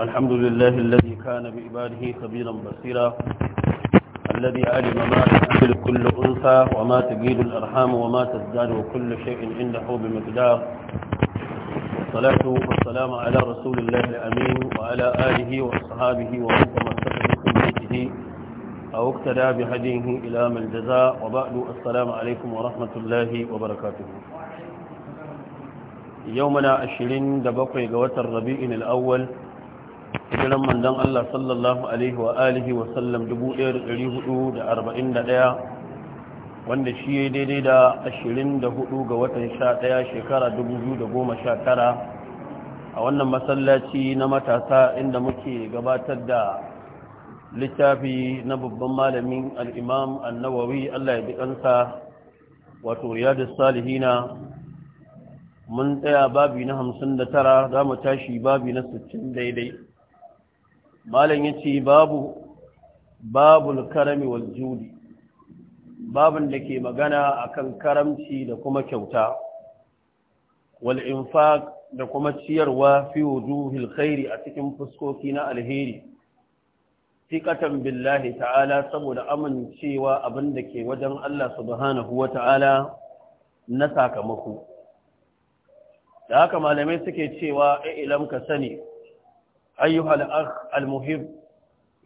الحمد لله الذي كان بإباده خبيرا بصيرا الذي علم ما تحمل كل أنثى وما تجيد الأرحام وما تزداد وكل شيء عنده بمقدار الصلاة والسلام على رسول الله الأمين وعلى آله وأصحابه ومن تمسك بسنته أو اقتدى بهديه إلى من الجزاء وبعد السلام عليكم ورحمة الله وبركاته يومنا عشرين دبقي قوات الربيع الأول hijiran manzon Allah sallallahu alaihi wa alihi wa sallam 1441 wanda shi ya daidai da 24 ga watan 11 shekara 2019 a wannan masallaci na matasa inda muke gabatar da littafi na babban malamin al-Imam An-Nawawi Allah ya bi kansa wato Riyadus Salihina mun tsaya babi na 59 za mu tashi babi na 60 daidai malam ce babu babul karami wal judi babin da ke magana akan karamci da kuma kyauta wal infaq da kuma ciyarwa fi wujuhil khairi a cikin fuskoki na alheri tiqatan billahi ta'ala saboda amincewa abin da ke wajen Allah subhanahu ta'ala na sakamako da haka malamai suke cewa ilam ka sani ayyuhal akh almuhim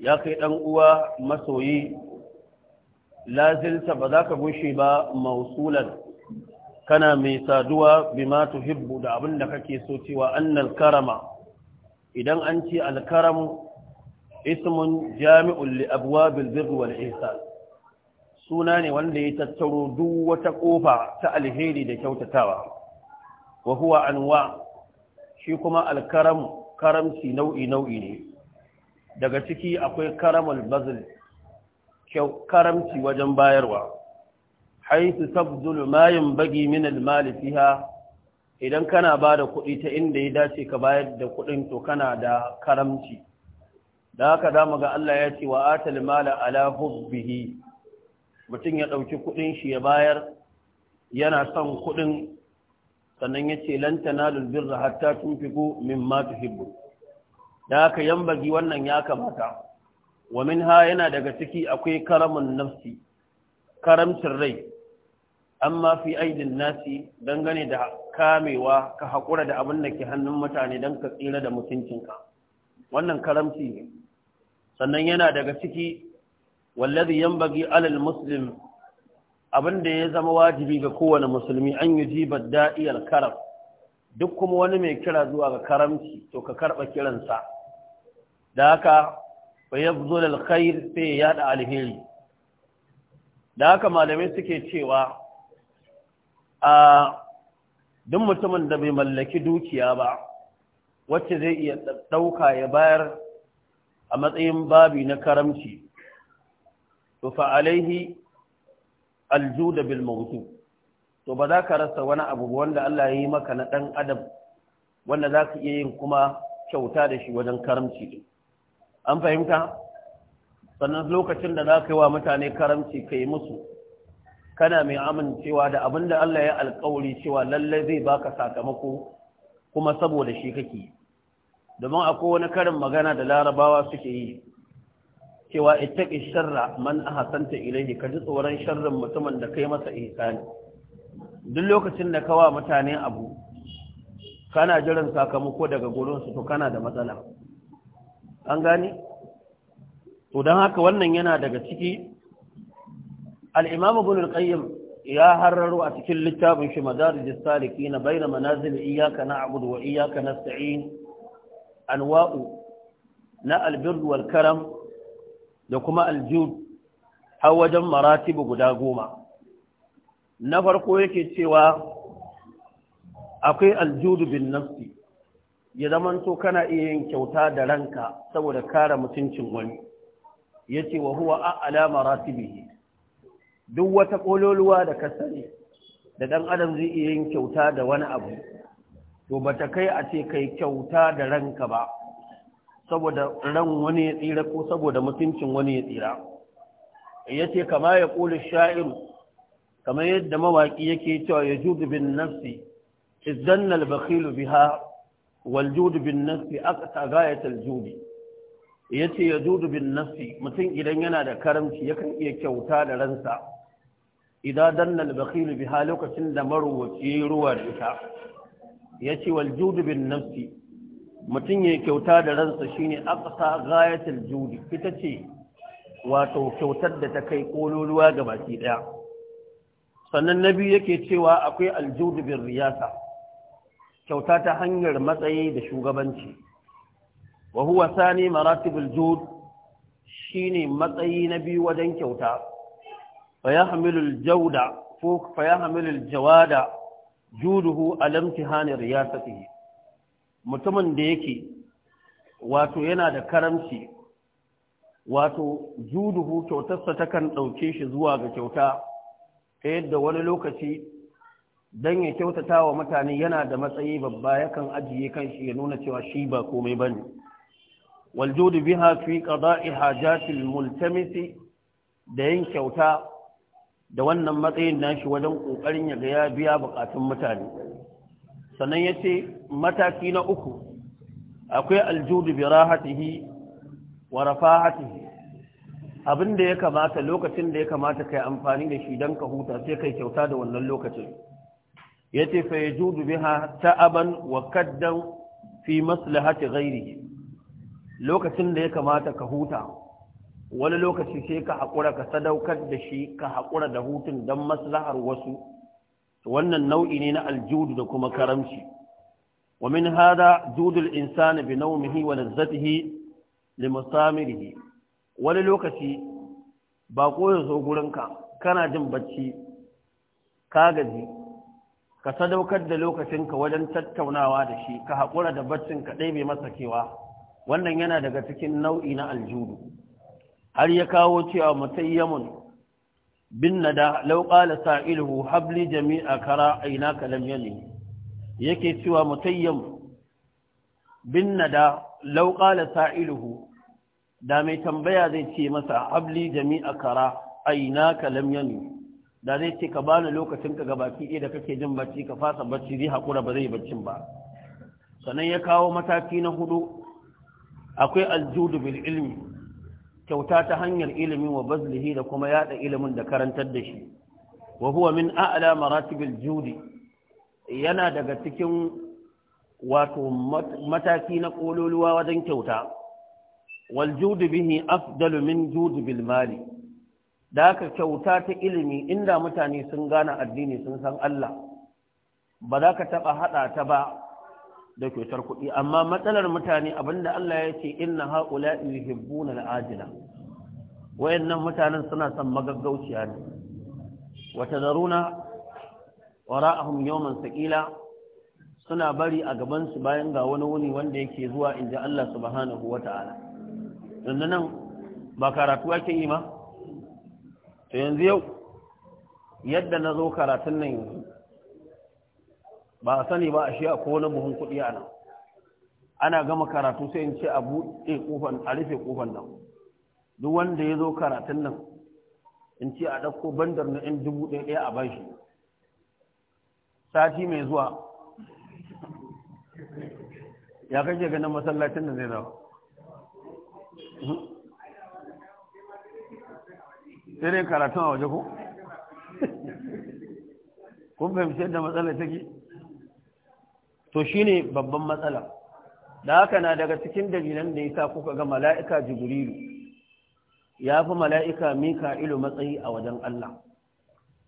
ya kai dan uwa masoyi lazilta ba za ka gushe ba mausulan kana mai saduwa bima tuhibbu da abin da kake so cewa annal karama idan an ce alkaramu ismun jami'un li abwabil birr wal suna ne wanda ya yi tattaro duk wata ƙofa ta alheri da kyautatawa wa huwa anwa shi kuma alkaramu karamci nau'i nau'i ne daga ciki akwai karamal bazil kyau karamci wajen bayarwa Haisu, tabdul mayin bagi min almali fiha idan kana bada kuɗi ta inda ya dace ka bayar da kuɗin to kana da karamci da haka za mu ga Allah ya ce wa atal mala ala hubbihi mutum ya ɗauki kuɗin shi ya bayar yana son kuɗin sannan ya ce lanta na lan tun birra hatta min matu hibbu. da yan yambagi wannan ya kamata wa min ha yana daga ciki akwai karamun nafsi karamcin rai amma fi aidin nasi dangane da kamewa ka haƙura da abin da ke hannun mutane don ka tsira da mutuncinka wannan karamci ne sannan yana daga ciki wallazi bagi alal muslim abin da ya zama wajibi ga kowane musulmi an yi jibar da'iyar karam duk kuma wani mai kira zuwa ga karamci to ka karɓa kiransa da haka bai ya zo da alkhair sai ya yada alheri da haka malamai suke cewa a duk mutumin da bai mallaki dukiya ba wacce zai iya ɗauka ya bayar a matsayin babi na karamci to fa alaihi aljuda bil mawtu to ba za ka rasa wani abu wanda Allah ya yi maka na dan adam wanda za ka iya yin kuma kyauta da shi wajen karamci an fahimta sannan lokacin da za ka yi wa mutane karamci ka yi musu kana mai amincewa da abin da Allah ya alkawari cewa lallai zai baka sakamako kuma saboda shi kake domin akwai wani karin magana da larabawa suke yi cewa ke sharra man ahsanta ilaihi ka ji tsoron sharrin mutumin da kai masa ihsani duk lokacin da kawa mutane abu kana jiran sakamako daga gurin su to kana da matsala an gane to don haka wannan yana daga ciki al'imam ibn al-qayyim ya hararo a cikin littafin shi madarijis saliki na baina manazil iyaka na abudu wa iyaka na sa'in anwa'u na albirdu wal karam da kuma aljud har wajen maratibu guda goma na farko yake cewa akwai aljudu bin nafsi ya zamanto kana iya yin kyauta da ranka saboda kare mutuncin wani ya ce wa huwa a alama ratibihi duk wata ƙololuwa da ka sani da ɗan adam zai iya yin kyauta da wani abu to ba ta kai a ce kai kyauta da ranka ba saboda ran wani ya tsira ko saboda mutuncin wani ya tsira ya ce kama ya ƙoli sha'iru kamar yadda mawaƙi yake cewa ya judu bin nafsi izdan albakhilu biha wal judu bin nafsi aka ya ce ya judu bin nafsi mutum idan yana da karamci yakan iya kyauta da ransa idan danna albakhilu biha lokacin da marowaci ruwa da ita ya ce wal judu bin nafsi mutum ya kyauta da ransa shine aƙasa gayatar juri ita ce wato kyautar da ta kai ƙololuwa ga baki ɗaya. sannan na biyu yake cewa akwai aljudu bin riyasa kyauta ta hanyar matsayi da shugabanci wa huwa sani maratibul jud shine matsayi na biyu wajen kyauta fa yahmilul jawda ko fa alamti jawada juduhu ala riyasatihi mutumin da yake wato yana da karamci wato juduhu kyautarsa takan ɗauke shi zuwa ga kyauta ta yadda wani lokaci don ya kyautata wa mutane yana da matsayi babba yakan ajiye kanshi ya nuna cewa shi ba komai ba ne waljudu biha fi qada'i hajatil multamisi da yin kyauta da wannan matsayin nashi wajen ƙoƙarin ya ya biya bukatun mutane sannan yace mataki na uku akwai aljudu bi rahatihi wa rafahatihi abin da ya kamata lokacin da ya kamata kai amfani da shi don ka huta sai kai kyauta da wannan lokacin ya ce fa ya judu biha ta'aban wa kaddan fi maslahati ghairi lokacin da ya kamata ka huta wani lokaci sai ka haƙura ka sadaukar da shi ka haƙura da hutun don maslahar wasu wannan nau'i ne na aljudu da kuma karamci Wa ومن هذا جود الإنسان بنومه ولذته لمسامره وللوكسي باقو يزو قرنك كان جنبتي كاغذي ka sadaukar da lokacinka wajen tattaunawa da shi ka haƙura da baccinka ɗebe masa kewa wannan yana daga cikin nau'i na aljuhu. har ya kawo cewa mutayyamun da 'Lauƙa law sa sa'iluhu habli jami'a kara a aina kalam yani yake cewa mutayyam bin nada law qala sa'iluhu da mai tambaya zai ce masa abli jami'a kara ka lam yani da zai ce ka bani lokacin ka gabaki ɗaya da kake jin bacci ka fasa bacci zai hakura ba zai baccin ba sannan ya kawo mataki na hudu akwai aljudu bil ilmi kyauta ta hanyar ilimin wa bazlihi da kuma yada ilimin da karantar da shi wa huwa min a'la maratibil judi yana daga cikin wato mataki na ƙololuwa wajen kyauta wal judu bihi afdalu min judu bil mali da ka kyauta ta ilimi inda mutane sun gane addini sun san Allah ba za ka taɓa haɗa ta ba da kyautar kuɗi amma matsalar mutane abinda Allah ya ce inna haƙula yuhibbuna ajila wayannan mutanen suna son magaggauciya ne wata zaruna wara'ahum yawman saqila suna bari a gaban su bayan ga wani wuni wanda yake zuwa inji Allah subhanahu wata'ala dan nan ba karatu ake yi ma to yanzu yau yadda na zo karatun nan yanzu ba a sani ba a shi a kowane buhun kuɗi a nan ana gama karatu sai in ce a buɗe kofan a rufe kofan nan duk wanda ya zo karatun nan in ce a ɗauko bandar na 'yan dubu ɗaya a bashi sati mai zuwa ya kake ganin masallacin da zai zama sai dai karatun a waje ko kun fahimci yadda matsala take to shine babban matsala da haka na daga cikin dalilan da ya sa kuka ga mala'ika jibrilu ya fi mala'ika ilo matsayi a wajen Allah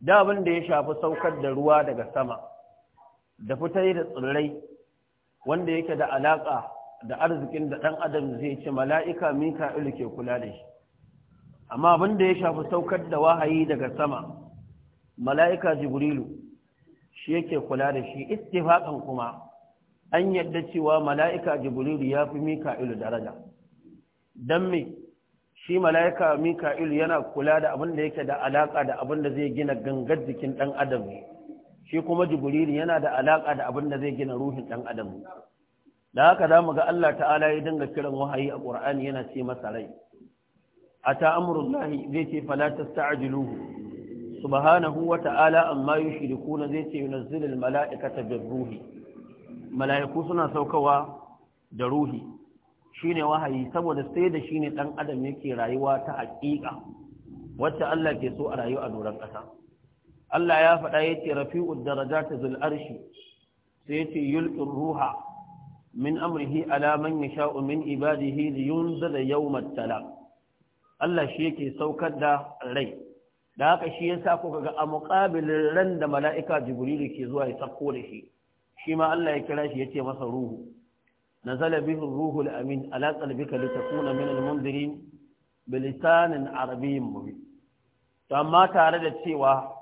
da abin da ya shafi saukar da ruwa daga sama da fitar da tsirrai wanda yake da alaƙa da arzikin da ɗan adam zai ci mala'ika mika'ilu ke kula da shi amma abin da ya shafi saukar da wahayi daga sama mala'ika jibrilu shi yake kula da shi istifaƙan kuma an yadda cewa mala'ika jibrilu ya fi mika'ilu daraja don me shi mala'ika mika'il yana kula da abin da yake da alaka da abin da zai gina gangar jikin ɗan adam shi kuma jibrilu yana da alaka da abin da zai gina ruhin ɗan adam da haka za mu ga Allah ta'ala ya dinga kiran wahayi a ƙur'ani yana ce masa rai a lahi zai ce fala tasta'jiluhu subhanahu wa ta'ala amma na zai ce mala'ika mala'ikata bin ruhi mala'iku suna saukawa da ruhi Shi ne wahayi saboda sai da ne ɗan adam yake rayuwa ta haƙiƙa wacce Allah ke so a rayu a doron ƙasa Allah ya faɗa yace rafi'ud ta zul arshi sai yace yulƙin ruha min amrihi ala man ibadi min ibadihi da yau, Matala. Allah shi yake saukar da rai da haka shi yasa kuka ga a muƙabilin ran da mala'ika jibrilu ke zuwa ya sako da shi shi ma Allah ya kira shi yace masa ruhu نزل به الروح الأمين على قلبك لتكون bilisanin المنذرين بلسان عربي مبين amma tare da cewa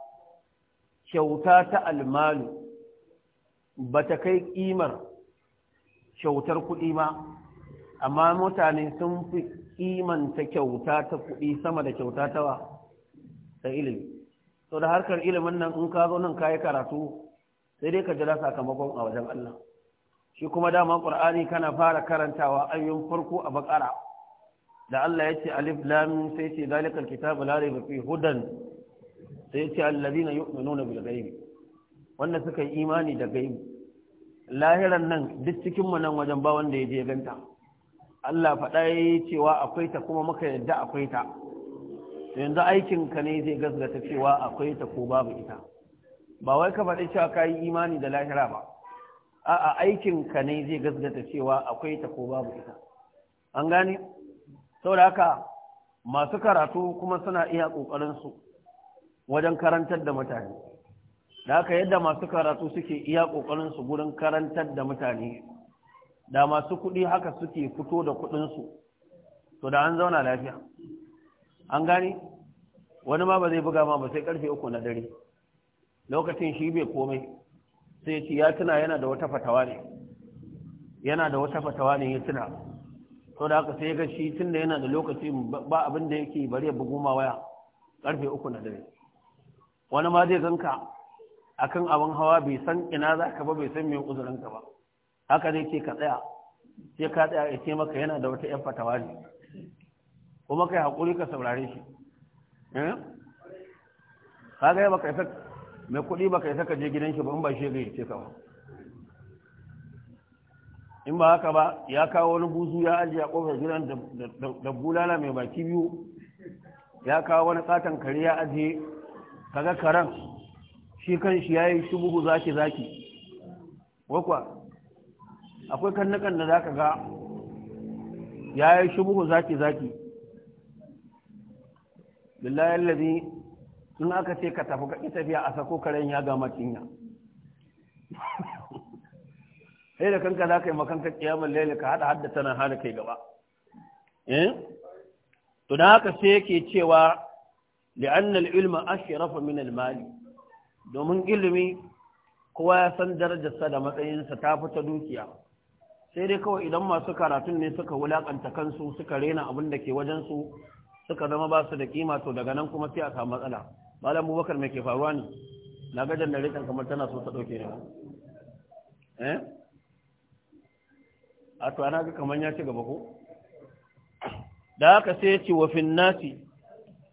kyauta ta almalu ba ta kai ƙimar kyautar kuɗi ba amma mutane sun fi ƙimanta kyauta ta kuɗi sama da kyauta ta ta ilimi sau da harkar ilimin nan in ka zo nan ka yi karatu sai dai ka jira sakamakon a wajen Allah shi kuma dama ƙur'ani kana fara karantawa ayyun farko a bakara da Allah ya ce alif lam sai ce zalikal kitabu la rayba fi hudan sai ce allazina yu'minuna bil ghaibi wanda suka yi imani da ghaibi lahiran nan duk cikin mu nan wajen ba wanda ya je ganta Allah faɗa ya cewa akwai ta kuma muka yadda akwai ta yanzu aikin ka ne zai gasgata cewa akwai ta ko babu ita ba wai ka faɗi cewa ka yi imani da lahira ba a'a aikinka ne zai gaskata cewa akwai ta ko babu ita an gane saboda haka masu karatu kuma suna iya ƙoƙarinsu wajen karantar da mutane da haka yadda masu karatu suke iya ƙoƙarinsu gurin karantar da mutane da masu kuɗi haka suke fito da kuɗinsu to da an zauna lafiya an gani wani ma ba zai buga ma ba sai karfe uku na dare lokacin shi bai komai sai ya ce ya tuna yana da wata fatawa ne yana da wata fatawa ne ya tuna to da haka sai ga shi tun da yana da lokaci ba abin da yake bari ya bugu ma waya karfe uku na dare wani ma zai ganka akan abin hawa bai san ina za ka ba bai san mai uzuranka ba haka zai ce ka tsaya sai ka tsaya ya ce maka yana da wata yan fatawa ne kuma kai haƙuri ka saurare shi eh? kaga ya baka mai kuɗi ba ka yi saka je gidan shi ba in ba shi ga ce kawo in ba haka ba ya kawo wani buzu ya ajiye a kofar gidan da bulala mai baki biyu ya kawo wani katon kare ya ajiye kaga karen shi kan shi ya yi shubuhu zaki zaki wakwa akwai kannukan da za ka ga ya yi shubuhu zaki zaki billahi in aka ce ka tafi kaɗi tafiya a sako karen ya gama cinya sai da kanka za ka yi makanka ƙiyamar laila ka haɗa hadda tana hana kai gaba eh? to da haka sai yake cewa li'annal ilma ashrafa min al-mali domin ilimi kowa ya san darajarsa da matsayinsa ta fita dukiya sai dai kawai idan masu karatun ne suka wulaƙanta kansu suka rena abin da ke wajensu suka zama ba su da kima to daga nan kuma sai a samu matsala malam abubakar mai ke faruwa ne na ga rikon kamar tana so ta ɗauke ne eh a to ana ga kamar ya ci gaba ko da haka sai ya ce wa fin nasi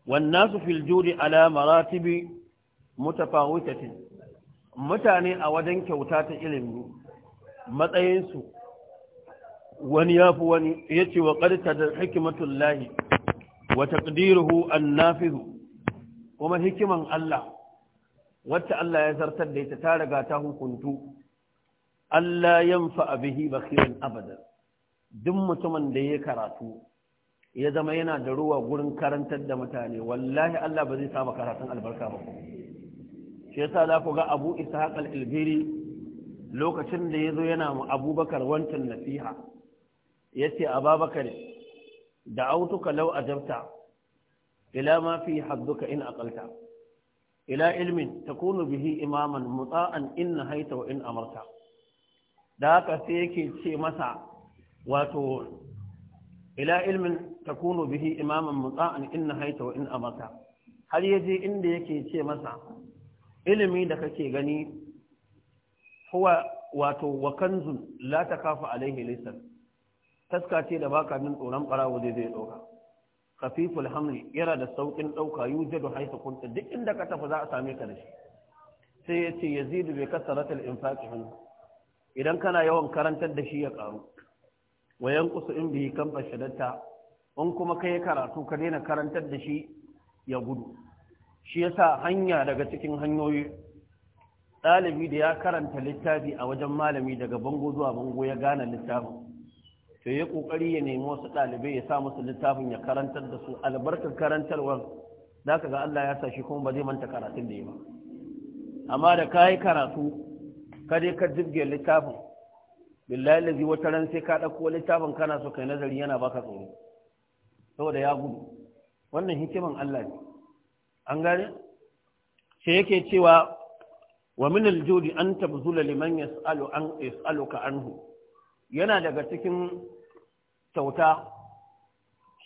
wan nasu fil juri ala maratibi mutafawitatin mutane a wajen kyauta ta ilimi matsayinsu wani ya fi wani ya ce wa ƙarta da hikimatun wa taƙdiruhu an nafizu kuma hikiman Allah wacce Allah ya zartar da ita ta riga ta hukuntu Allah yanfa bihi bakhirin abadan duk mutumin da ya karatu ya zama yana da ruwa gurin karantar da mutane wallahi Allah ba zai samu karatun albarka ba shi yasa za ku ga Abu Ishaq al-Ilbiri lokacin da ya zo yana mu Abubakar wancan nasiha yace Ababakar da autuka a ajabta ila ma fi hadduka in aqalta ila ilmin takunu bihi imaman muta'an in haita wa in amarta da haka sai yake ce masa wato ila ilmin takunu bihi imaman muta'an in haita wa in amarta har yaje inda yake ce masa ilimi da kake gani huwa wato wa kanzun la takafa alaihi lisan taska ce da baka min tsoron barawo zai zai dauka khafiful hamli yana da saukin dauka yujadu haythu kunta duk inda ka tafi za a same ka da shi sai ya ce yazidu bi al infaq idan kana yawan karantar da shi ya karu wa yanqusu in bihi kam fashadatta in kuma kai karatu ka daina karantar da shi ya gudu shi yasa hanya daga cikin hanyoyi ɗalibi da ya karanta littafi a wajen malami daga bango zuwa bango ya gane littafin sai ya ƙoƙari ya nemi wasu ɗalibai ya sa musu littafin ya karantar da su albarkar karantarwar za ka ga Allah ya sa shi kuma ba zai manta karatun da yi ba amma da ka yi karatu ka je ka jirgin littafin billahi lazi wata ran sai ka ɗauko littafin kana so kai nazari yana baka tsoro saboda ya gudu wannan hikiman Allah ne an gane shi yake cewa wa min aljudi an tabzula liman yas'alu an yas'aluka anhu yana daga cikin kyauta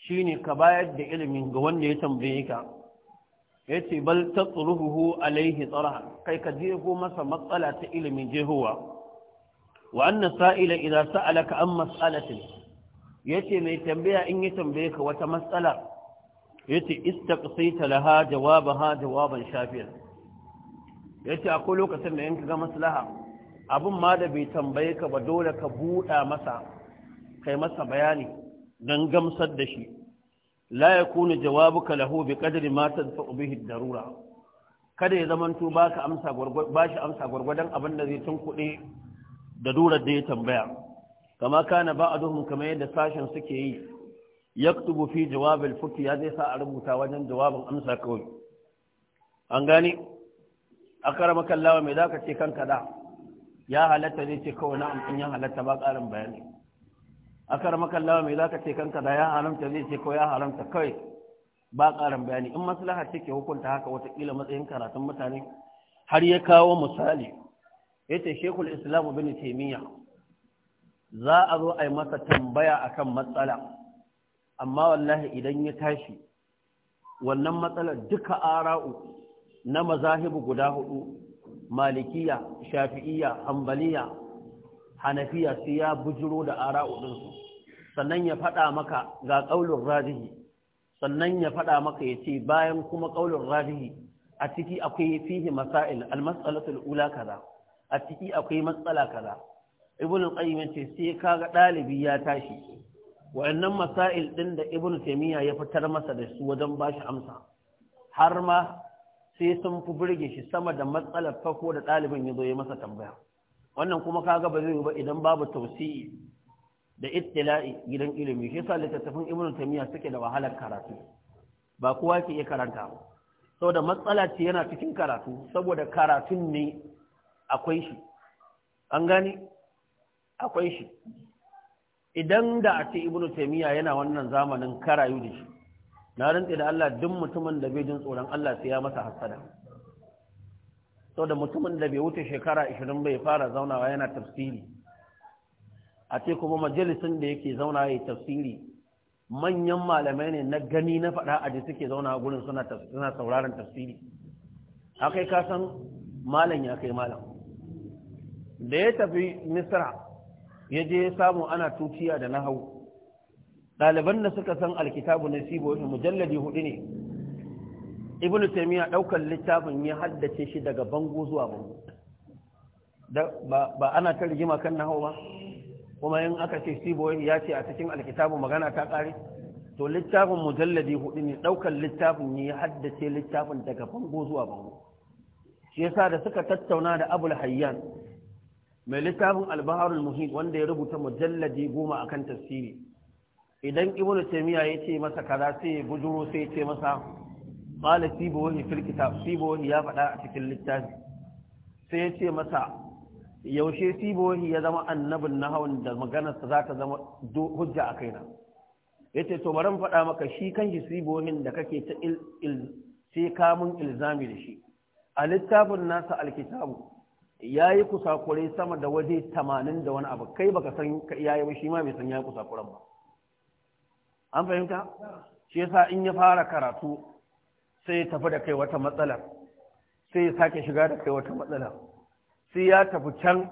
shine ka bayar da ilimin ga wanda ya tambaye ka ya ce bal ta tsuruhu alaihi tsara kai ka ko masa matsala ta ilimin jehowa wa anna sa'ila idan sa'alaka an matsalatin ya ce mai tambaya in yi tambaye ka wata matsala ya ce istaqsaita laha jawabaha jawaban shafiya ya ce akwai lokacin da yanka ga maslaha abin ma da bai tambaye ka ba dole ka buɗa masa kai masa bayani don gamsar da shi la ya kuna ka lahu bi qadri ma tadfa'u bihi darura kada ya zamanto baka amsa gurgurdan bashi amsa gwargwadon abin da zai kuɗi da durar da ya tambaya kama kana duhun kamar yadda sashen suke yi tubu fi jawabin fuki ya zai sa a rubuta wajen jawabin amsa kawai an gani akaramaka Allah mai zaka ce kanka da ya halatta zai ce kawai na'am in ya halatta ba ƙarin bayani kar makallawa mai zaka ce kanka da ya haramta zai ce kawai ya haramta kawai ba ƙarin bayani in maslaha ce ke hukunta haka watakila matsayin karatun mutane har ya kawo misali ya ce shekul islam bin taimiyya za a zo a yi masa tambaya akan matsala amma wallahi idan ya tashi wannan matsalar duka ara'u na mazahibu guda hudu malikiya shafi'iya hambaliya hanafiya sai ya bujiro da ara'u ɗinsu sannan ya faɗa maka ga ƙaunin radihi sannan ya faɗa maka ya ce bayan kuma ƙaunin radihi a ciki akwai fihi masail almasalatul ula kaza a ciki akwai matsala kaza ibn qayyim ce sai kaga ɗalibi ya tashi wayannan masail ɗin da ibn taymiya ya fitar masa da su wajen bashi amsa har ma sai sun fi burge shi sama da matsalar farko da ɗalibin ya zo ya masa tambaya wannan kuma kaga ba zai yi ba idan babu tausi'i da ittila'i gidan ilimi shi sa littattafan ibnu tamiya suke da wahalar karatu ba kowa ke iya karanta da matsala ce yana cikin karatu saboda karatun ne akwai shi an gani akwai shi idan da a ce ibnu tamiya yana wannan zamanin karayu da shi na rantse da Allah duk mutumin da bai jin tsoron Allah sai ya masa hasada da mutumin da bai wuce shekara 20 bai fara zaunawa yana tafsiri a ce kuma majalisin da yake zauna yayi tafsiri manyan malamai ne na gani na faɗa a ji suke zauna gurin suna suna sauraron tafsiri akai ka san malam ya kai malam da ya tafi misra ya je ya samu ana tuciya da nahau ɗaliban da suka san alkitabu nasibu wani mujalladi hudu ne ibnu taymiya ɗaukar littafin ya haddace shi daga bango zuwa bango ba ana ta rigima kan nahawu ba kuma in aka ce sibo ya ce a cikin alkitabu magana ta ƙare to littafin mujalladi hudu ne ɗaukar littafin ya haddace littafin daga bango zuwa bango shi yasa da suka tattauna da abul hayyan mai littafin albaharul muhit wanda ya rubuta mujalladi goma akan tafsiri idan ibnu taymiya yace ce masa kaza sai ya bujuro sai ya masa qala wani fil kitab wani ya faɗa a cikin littafi sai yace ce masa yaushe wani ya zama annabin nahawun da maganarsa za ta zama hujja a kaina yace ce to bari faɗa maka shi kanshi wani da kake ta sai kamun ilzami da shi a littafin nasa alkitabu ya yi kusakure sama da waje tamanin da wani abu kai baka san ya yi shi ma bai san ya yi kusakuren ba an fahimta shi yasa in ya fara karatu sai ya tafi da kai wata matsala sai ya sake shiga da kai wata matsala sai ya tafi can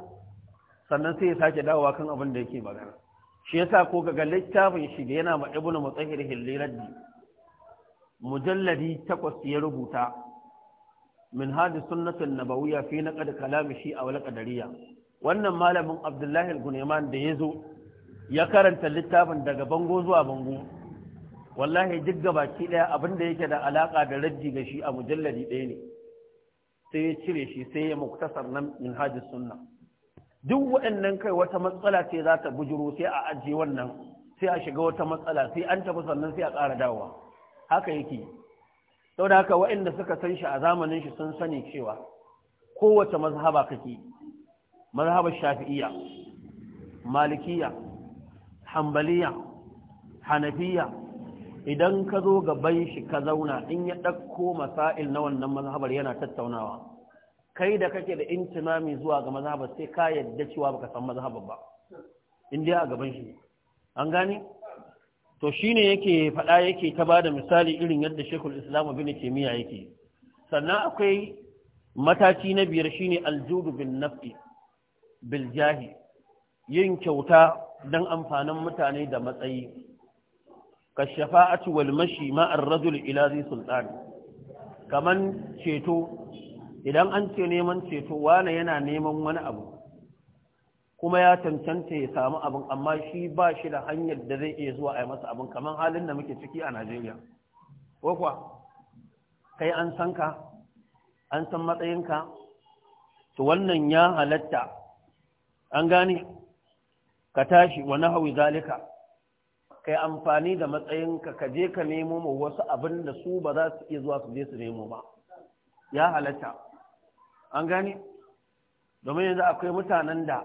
sannan sai ya sake dawowa kan abin da yake magana shi yasa ko ga littafin shi da yana ma ibn mutahhir hilladdi mujalladi takwas ya rubuta min hadis sunnatin nabawiyya fi naqd kalami shi aw laqadariya wannan malamin abdullahi al-gunayman da yazo ya karanta littafin daga bango zuwa bango wallahi duk gabaki ɗaya abin da yake da alaƙa da raddi ga shi a mujalladi ɗaya ne sai ya cire shi sai ya muktasar nan min hajji sunna duk waɗannan kai wata matsala ce za ta bujuro sai a ajiye wannan sai a shiga wata matsala sai an tafi sannan sai a ƙara dawowa haka yake sau da haka waɗanda suka san shi a zamanin shi sun sani cewa kowace mazhaba kake mazhabar shafi'iyya malikiyya hambaliya hanafiya idan ka zo gaban shi ka zauna in ya ɗakko masail na wannan mazhabar yana tattaunawa kai da kake da intimami zuwa ga mazhabar sai ka yadda cewa baka san mazhabar ba in dai a gaban shi an gane to shine yake faɗa yake ta bada misali irin yadda Sheikhul Islam Ibn Taymiyyah yake sannan akwai mataki na biyar shine aljudu bin nafi bil jahi yin kyauta don amfanin mutane da matsayi ka shafa'atu wal mashi ma'ar rajul ila zai sultani kaman ceto idan an ce neman ceto wane yana neman wani abu kuma ya cancanta ya samu abin amma shi ba shi da hanyar da zai iya zuwa a yi masa abin kamar halin da muke ciki a Najeriya. Ko kuwa, kai an san ka, an san matsayinka, to wannan ya halatta, an gane, ka tashi Wani hawi zalika kai amfani da matsayinka ka je ka nemo mu wasu abin da su ba za su iya zuwa su je su nemo ba ya halatta an gani. domin yanzu akwai mutanen da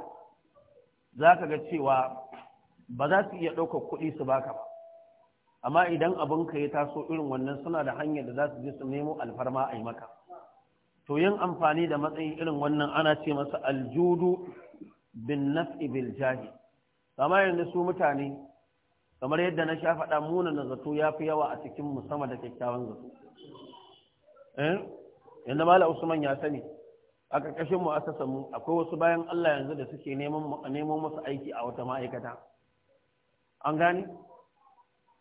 za ka ga cewa ba za su iya ɗaukar kuɗi su baka ba amma idan abin ka ya taso irin wannan suna da hanyar da za su je su nemo alfarma a yi maka to yin amfani da matsayin irin wannan ana ce masa aljudu bin naf'i bil jahi amma yanzu su mutane kamar yadda na sha faɗa munana zato ya fi yawa a cikin musamman da kyakkyawan zato eh? Yanzu mala usman ya sani a ƙarƙashin mu asasa mu akwai wasu bayan Allah yanzu da suke neman masu aiki a wata ma'aikata an gane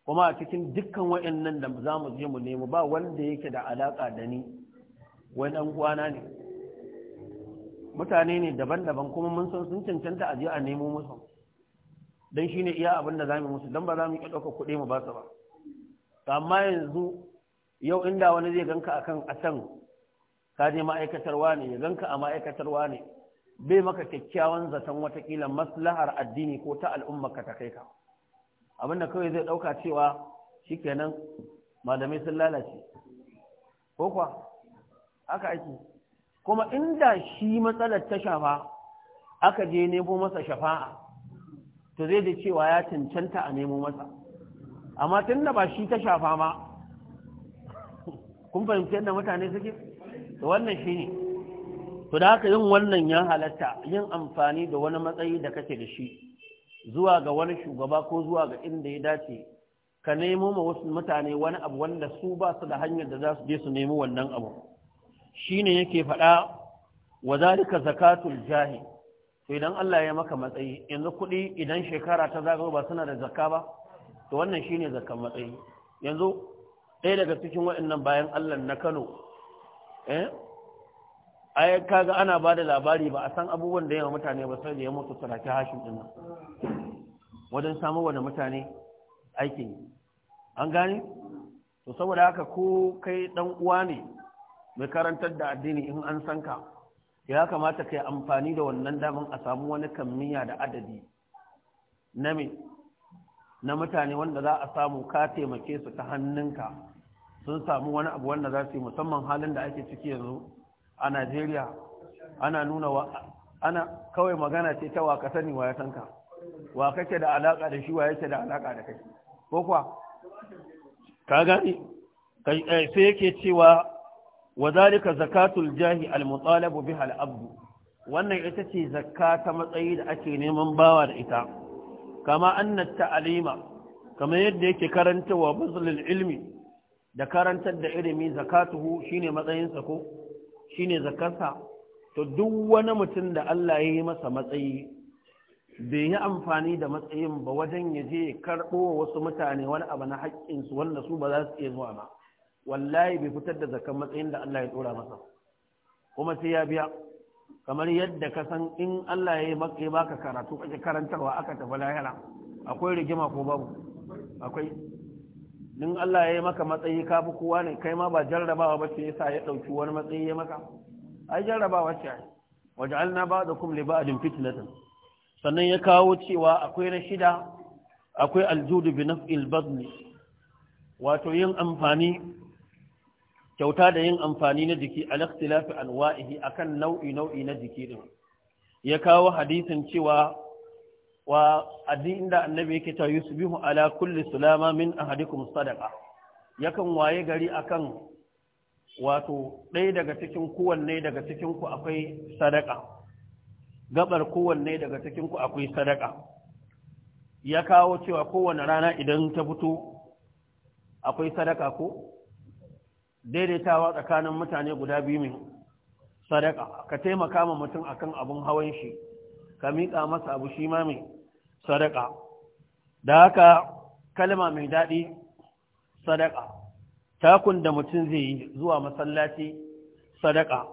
kuma a cikin dukkan wayannan da za mu je mu nemo ba wanda yake da alaƙa da ni wani ɗan uwana ne mutane ne daban-daban kuma mun san sun cancanta a je a nemo musu don shi ne iya abin da za mu musu don ba za mu iya ɗaukar kuɗi mu ba su ba amma yanzu yau inda wani zai ganka akan a can ka je ma'aikatarwa ne ya ganka a ma'aikatarwa ne bai maka kyakkyawan zaton watakila maslahar addini ko ta al'umma ka ta kai ka abin da kawai zai ɗauka cewa shikenan malamai sun lalace ko kwa haka ake kuma inda shi matsalar ta shafa aka je nemo masa shafa'a to zai da cewa ya cancanta a nemo masa amma tun da ba shi ta shafa ma kun fahimci yadda mutane suke da wannan shi ne to da haka yin wannan ya halatta yin amfani da wani matsayi da kake da shi zuwa ga wani shugaba ko zuwa ga inda ya dace ka nemo ma wasu mutane wani abu wanda su ba su da hanyar da za su je su nemi wannan abu Shi ne yake faɗa wa zalika zakatul jahil to idan Allah ya maka matsayi yanzu kuɗi idan shekara ta zagayo ba suna da zakka ba to wannan shine zakkan matsayi yanzu ɗaya daga cikin waɗannan bayan Allah na Kano eh ai kaga ana ba da labari ba a san abubuwan da yawa mutane ba sai da ya mutu tsaraki hashin din nan wajen samu wa da mutane aikin an gane to saboda haka ko kai dan uwa ne mai karantar da addini in an san ka ya kamata kai amfani da wannan daman a samu wani kammiya da adadi na na mutane wanda za a samu ka taimake su ta hannunka sun samu wani abu wanda za su yi musamman halin da ake ciki yanzu a Najeriya ana nuna wa ana kawai magana ce ta waka sani wa ya sanka wa kake da alaka da shi wa yake da alaka da kai ko kuwa ka gani eh, sai yake cewa wa zalika zakatul jahi al-mutalabu biha abdu wannan ita ce Zakata ta matsayi da ake neman bawa da ita kama annat Alima. kamar yadda yake karanta wa bazlul ilmi da karantar da ilimi zakatuhu shine matsayin sa ko shine zakarsa to duk wani mutum da Allah ya yi masa matsayi bai yi amfani da matsayin ba wajen ya je karɓo wasu mutane wani abu na haƙƙinsu wanda su ba za su iya zuwa ba wallahi bai fitar da zakan matsayin da Allah ya tsora masa kuma sai ya biya kamar yadda ka san in Allah ya yi maka baka karatu kake karantarwa aka tafi lahira akwai rigima ko babu akwai in Allah ya yi maka matsayi ka fi kowa ne kai ma ba jarrabawa ba ce yasa ya dauki wani matsayi ya maka ai jarrabawa ce ai waj'alna ba'dakum li ba'din fitnatan sannan ya kawo cewa akwai na shida akwai aljudu bi naf'il badni wato yin amfani kyauta da yin amfani na jiki a lakhtilafi anwa'ihi akan nau'i nau'i na jiki din ya kawo hadisin cewa wa addinin da annabi yake ta yusbihu ala kulli sulama min ahadikum sadaka. yakan waye gari akan wato ɗaya daga cikin kowanne daga cikin ku akwai sadaka gabar kowanne daga cikin ku akwai sadaka ya kawo cewa kowanne rana idan ta fito akwai sadaka ko daidaitawa tsakanin mutane guda biyu mai sadaka ka taimaka ma mutum akan abun hawan shi ka miƙa masa abu shi ma mai sadaka da haka kalma mai daɗi sadaka takun da mutum zai yi zuwa masallaci sadaka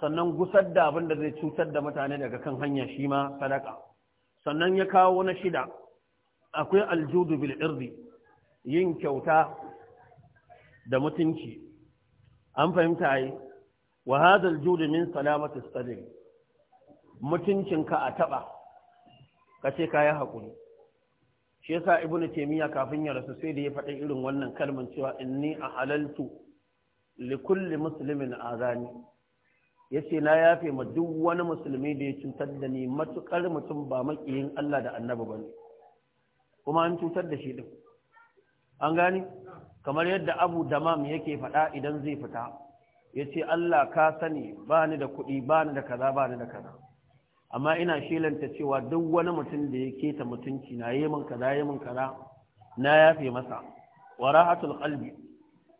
sannan gusar da abin da zai cutar da mutane daga kan hanya shi ma sadaka sannan ya kawo na shida akwai aljudu bil irdi yin kyauta da mutunci an fahimta ai wa hadal al min salamati sadri mutuncinka a taba kace kayi hakuri shi yasa ibnu taymiya kafin ya rasu sai da ya faɗi irin wannan kalmar cewa inni ahalaltu li kulli muslimin azani yace na yafe ma duk wani musulmi da ya cutar da ni matukar mutum ba makiyin Allah da annabi bane kuma an cutar da shi din an gani kamar yadda abu damam yake faɗa idan zai fita ya ce Allah ka sani ba ni da kuɗi ba ni da kaza ba ni da kaza amma ina shilanta cewa duk wani mutum da ya keta mutunci na yi min kaza yi min kaza na yafe masa wa rahatul qalbi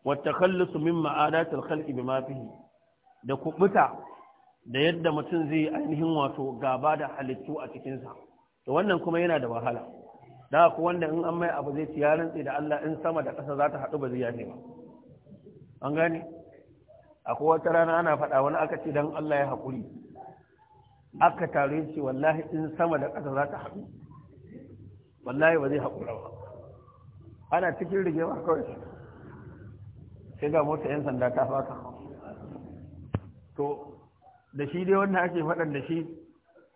wa takhallus min ma'adatil khalqi bima fihi da kubuta da yadda mutum zai ainihin wato gaba da halittu a cikin sa to wannan kuma yana da wahala da ku wanda in an mai abu zai ci ya rantsi da Allah in sama da ƙasa za ta haɗu ba zai yafe ba an gane akwai wata rana ana faɗa wani aka ce dan Allah ya haƙuri aka tare shi wallahi in sama da ƙasa za ta haɗu wallahi ba zai haƙura ba ana cikin ba kawai sai ga mota 'yan sanda ta faka to da shi dai wanda ake faɗan da shi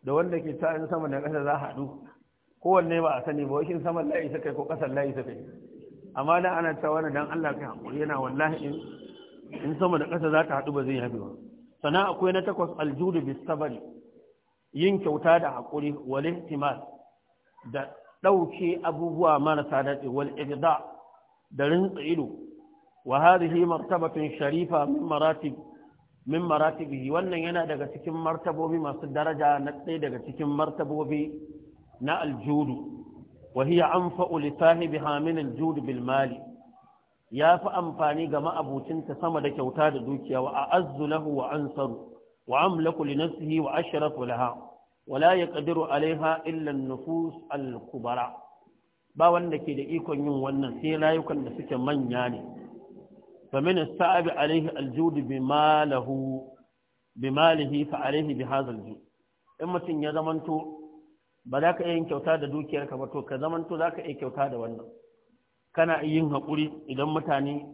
da wanda ke ta in sama da ƙasa za haɗu kowanne ba a sani ba wakin saman layi ta kai ko ƙasar layi ta kai amma da ana cewa wani dan Allah kai haƙuri yana wallahi in in sama da ƙasa za ta haɗu ba zai haɗu ba sana akwai na takwas aljudu bis sabari yin kyauta da hakuri wal ihtimal da ɗauke abubuwa marasa daɗi wal igda da rinsa ido wa hadhihi martabatun sharifa min maratib min maratibi wannan yana daga cikin martabobi masu daraja na ɗaya daga cikin martabobi na aljudu wa hiya anfa'u li sahibiha Aljudu aljud mali ya fi amfani ga ma'abucinta sama da kyauta da dukiya wa a'azzu lahu wa ansaru wa amlaku na nafsihi wa ashrafu laha wa la yaqdiru alaiha illa nufus al-kubara ba wanda ke da ikon yin wannan sai rayukan da suke manya ne fa min alaihi al-jud bimalihi fa alaihi bi hadha in mutum ya zamanto ba za ka iya yin kyauta da dukiyarka ba to ka zamanto za ka iya kyauta da wannan kana yin haƙuri idan mutane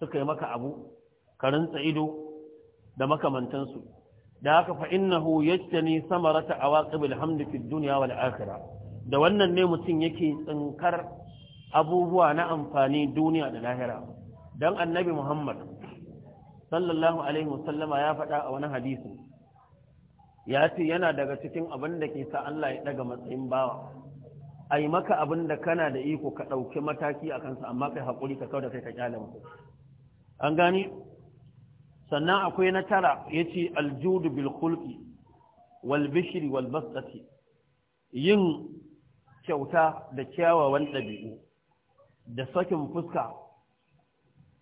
suka yi maka abu ka rantsa ido da makamantansu da haka fa innahu yajtani samarata awaqibil hamd fid dunya wal akhirah da wannan ne mutum yake tsinkar abubuwa na amfani duniya da lahira dan annabi Muhammad sallallahu alaihi wasallama ya faɗa a wani hadisi ya ce yana daga cikin abin da ke sa Allah ya daga matsayin bawa a yi maka abin da kana da iko ka ɗauki mataki a kansa amma kai haƙuri ka da kai ka ƙyale mu an gani sannan akwai na tara ya ce aljudu bil Walbishiri wal wal yin kyauta da kyawawan ɗabi'u da sakin fuska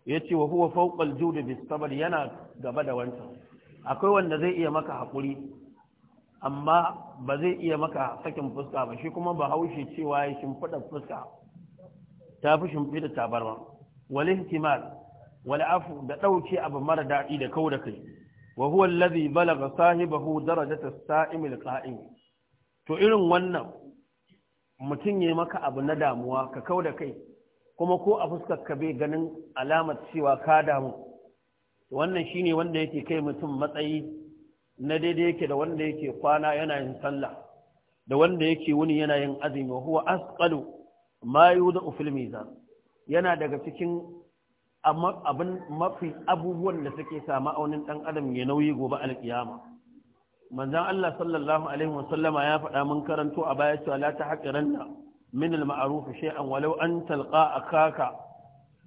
ya ce wa huwa fawqal judu bis yana gaba da wancan akwai wanda zai iya maka haƙuri amma ba zai iya maka sakin fuska ba shi kuma ba haushe cewa ya shimfiɗa fuska ta fi shimfiɗa ba Wani ihtimal wani afu da ɗauke abu mara daɗi da kau da kai wa huwa allazi balaga sahibahu darajata sa'im qa'im to irin wannan mutum ya maka abu na damuwa ka kau da kai kuma ko a fuskar ka bai ganin alamar cewa ka damu wannan shine wanda yake kai mutum matsayi na daidai yake da wanda yake kwana yana yin sallah da wanda yake wuni yana yin azumi huwa asqalu ma yudau fil mizan yana daga cikin abin mafi abubuwan da suke sa ma'aunin dan adam ya nauyi gobe alkiyama manzon Allah sallallahu alaihi ya faɗa mun karanto a baya cewa la tahqiranna min al-ma'ruf shay'an walau an talqa akaka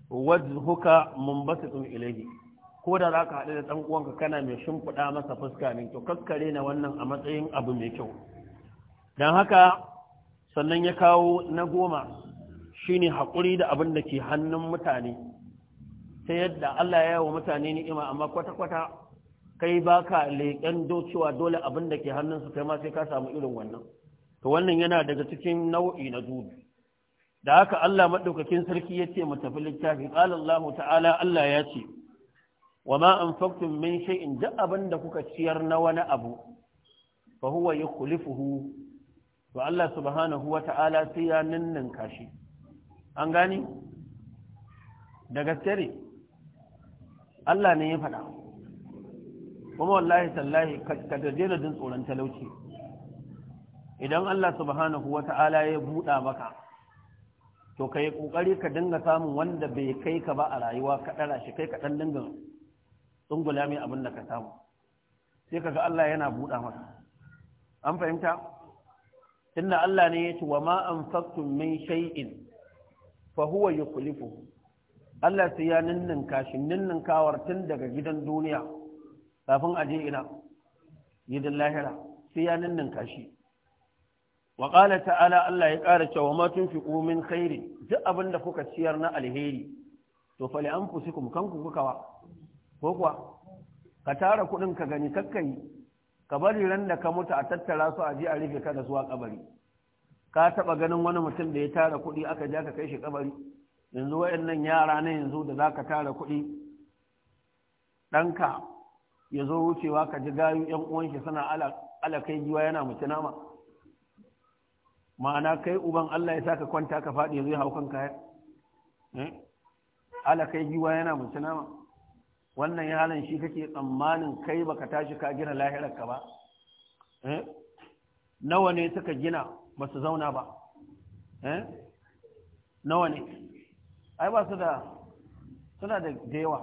wajhuka munbasitun ilayhi ko da za ka haɗu da ɗan uwanka kana mai shimfiɗa masa fuska ne to kaskare na wannan a matsayin abu mai kyau don haka sannan ya kawo na goma shine haƙuri da abin da ke hannun mutane ta yadda Allah ya yi wa mutane ni'ima amma kwata-kwata kai ba ka leƙen docewa dole abin da ke hannunsu kai ma sai ka samu irin wannan to wannan yana daga cikin nau'i na zubi da haka Allah maɗaukakin sarki ya ce mu tafi littafi ƙalallahu ta'ala Allah ya ce wa ma anfaqtum min shay'in duk abin da kuka ciyar na wani abu fa huwa yukhlifuhu to Allah subhanahu wata'ala sai ya ninninka kashi. an gani Daga gaske Allah ne ya faɗa kuma wallahi sallahi, ka jira jin tsoron talauci idan Allah subhanahu wata'ala ya buɗa maka to ka yi ƙoƙari ka dinga samun wanda bai kai ka ba a rayuwa ka ɗara shi kai ka ɗan dinga tsungula mai abin da ka samu sai kaga Allah yana buɗa masa an fahimta tunda Allah ne ya ce wa ma anfaqtum min shay'in fa huwa yukhlifu Allah sai ya ninninka shi ninninkawar tun daga gidan duniya kafin a je ina gidan lahira sai ya ninninka shi wa qala ta'ala Allah ya ƙara cewa ma tunfiqu min khairin duk abin da kuka ciyar na alheri to fa li anfusikum kanku kukawa ko kuwa ka tara kuɗin ka gani kakkai ka bari ran da ka mutu a tattara su a ji a rufe ka da zuwa kabari ka taba ganin wani mutum da ya tara kuɗi aka ja ka kai shi kabari yanzu wayannan yara na yanzu da zaka ka tara kuɗi ɗanka ya zo wucewa ka ji gayu ‘yan uwanshi suna alakai giwa yana mutu nama ma'ana kai uban Allah ya sa ka kwanta ka faɗi zai hau kan kaya eh? alakai giwa yana mutu nama wannan yaron shi kake tsammanin kai baka tashi ka gina lahirarka ba eh? nawa ne suka gina ba su zauna ba eh? nawa ne ai ba su da suna da yawa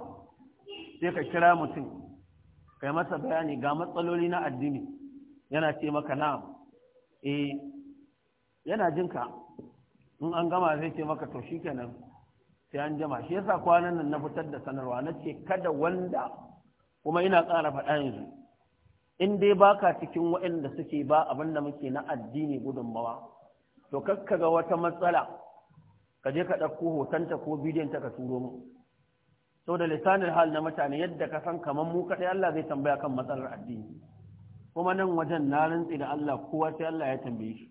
sai ka kira mutum kai masa bayani ga matsaloli na addini yana ce maka na? eh yana jinka in an gama zai ce maka to shikenan sai an jama shi yasa kwanan nan na fitar da sanarwa na ce kada wanda kuma ina ƙara faɗa yanzu in dai baka cikin waɗanda suke ba abinda muke na addini gudunmawa to kakka ga wata matsala ka je ka ɗauko hotonta ko bidiyon ta ka turo mu sau da lisanin hali na mutane yadda ka san kamar mu kaɗai Allah zai tambaya kan matsalar addini kuma nan wajen na rantsi da Allah kowa sai Allah ya tambaye shi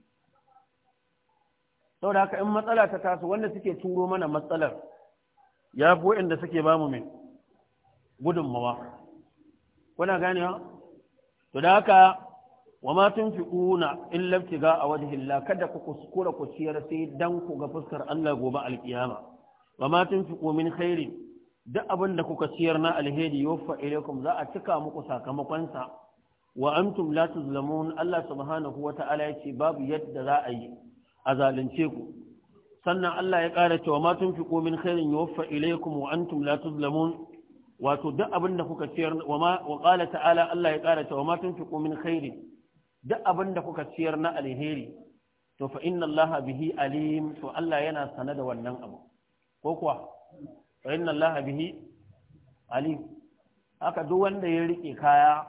sau da haka in matsala ta taso wanda suke turo mana matsalar ya fi waɗanda suke ba mu min gudunmawa kuna wa? to da haka wa ma in illa ga a hilla kada ku kuskura ku ciyar sai dan ku ga fuskar Allah gobe alƙiyama. wa ma fi min khairi, duk abin da kuka ciyar na alheri yuwaffa ilaikum za a cika muku sakamakonsa. wa amtum la tuzlamun Allah subhanahu wata'ala ce babu yadda za a yi a zalunce ku sannan Allah ya ƙara cewa matun tunfiqu min khairin yuwaffa ilaykum wa antum la tuzlamun wato duk abin da kuka ciyar wa ma wa qala ta'ala Allah ya ƙara cewa matun tunfiqu min khairin duk abin da kuka ciyar na alheri to fa inna Allah bihi alim to Allah yana sana da wannan abu ko kuwa fa inna Allah bihi alim haka duk wanda ya rike kaya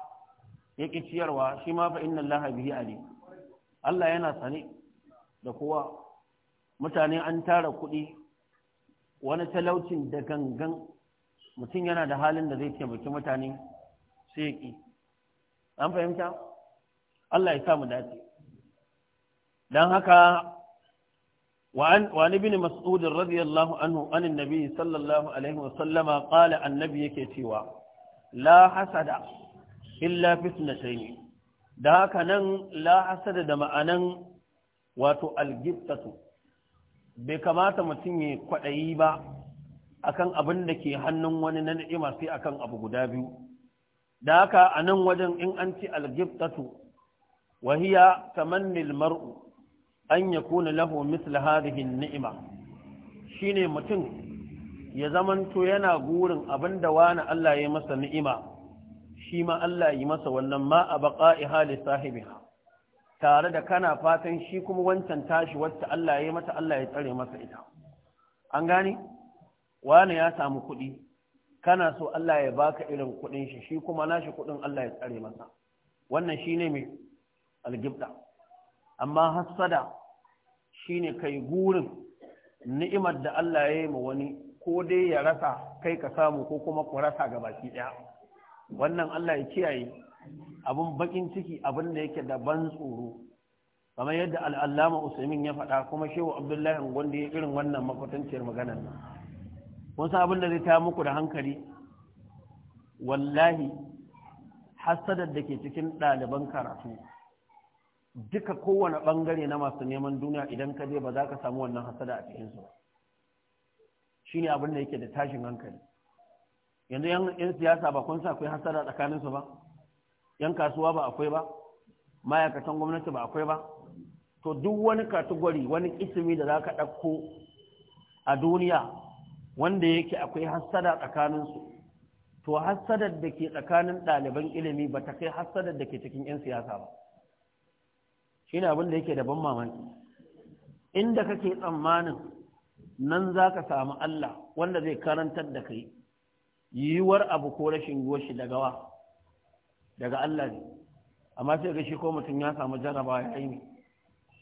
ya ki ciyarwa shi ma fa inna Allah bihi alim Allah yana sane da kowa mutane an tara kuɗi wani talaucin da gangan mutum yana da halin da zai taimaki mutane sai ya ƙi an fahimta Allah ya sa mu dace don haka وعن ابن مسعود رضي الله عنه عن النبي صلى الله عليه وسلم قال النبي كتوى لا حسد إلا في اثنتين دهك نن لا حسد دمعنا وتؤلجبتة bai kamata mutum ya kwaɗayi ba akan abin da ke hannun wani na ni'ima sai akan abu guda biyu da haka a nan wajen in an ci algibtatu wahiya tamanni mar'u an kuna lahu misla hadihin ni'ima ne mutum ya zamanto yana gurin abin da wani Allah ya masa ni'ima shi ma Allah yi masa wannan ma a baƙa'i hali sahibiha tare da kana fatan shi kuma wancan tashi wacce Allah ya yi mata Allah ya tsare masa ita an gane wani ya samu kuɗi kana so Allah ya baka irin kuɗin shi shi kuma nashi kuɗin Allah ya tsare masa wannan shine mai algibda amma hassada shine kai gurin ni'imar da Allah ya yi ma wani ko dai ya rasa kai ka samu ko kuma ku rasa ga baki ɗaya wannan Allah ya kiyaye abun bakin ciki abin da yake da ban tsoro kamar yadda al'allama usaimin ya faɗa kuma shehu abdullahi gwanda ya irin wannan mafatanciyar maganar nan kun san abin da zai ta muku da hankali wallahi hasadar da ke cikin ɗaliban karatu duka kowane ɓangare na masu neman duniya idan ka je ba za ka samu wannan hasada a cikinsu ba shi ne abin da yake da tashin hankali yanzu yan siyasa ba kun sa kai hasada tsakaninsu ba yan kasuwa ba akwai ba ma'aikatan gwamnati ba akwai ba to duk wani kategori wani ismi da za ka ɗauko a duniya wanda yake akwai hassada tsakaninsu to hassadar da ke tsakanin ɗaliban ilimi ba ta kai hassadar da ke cikin 'yan siyasa ba shi ne abin da yake da ban mamaki inda kake tsammanin nan za ka samu Allah wanda zai karantar da kai yiwuwar abu ko rashin shi da gawa daga Allah ne amma sai ga shi ko mutum ya samu jaraba ya yi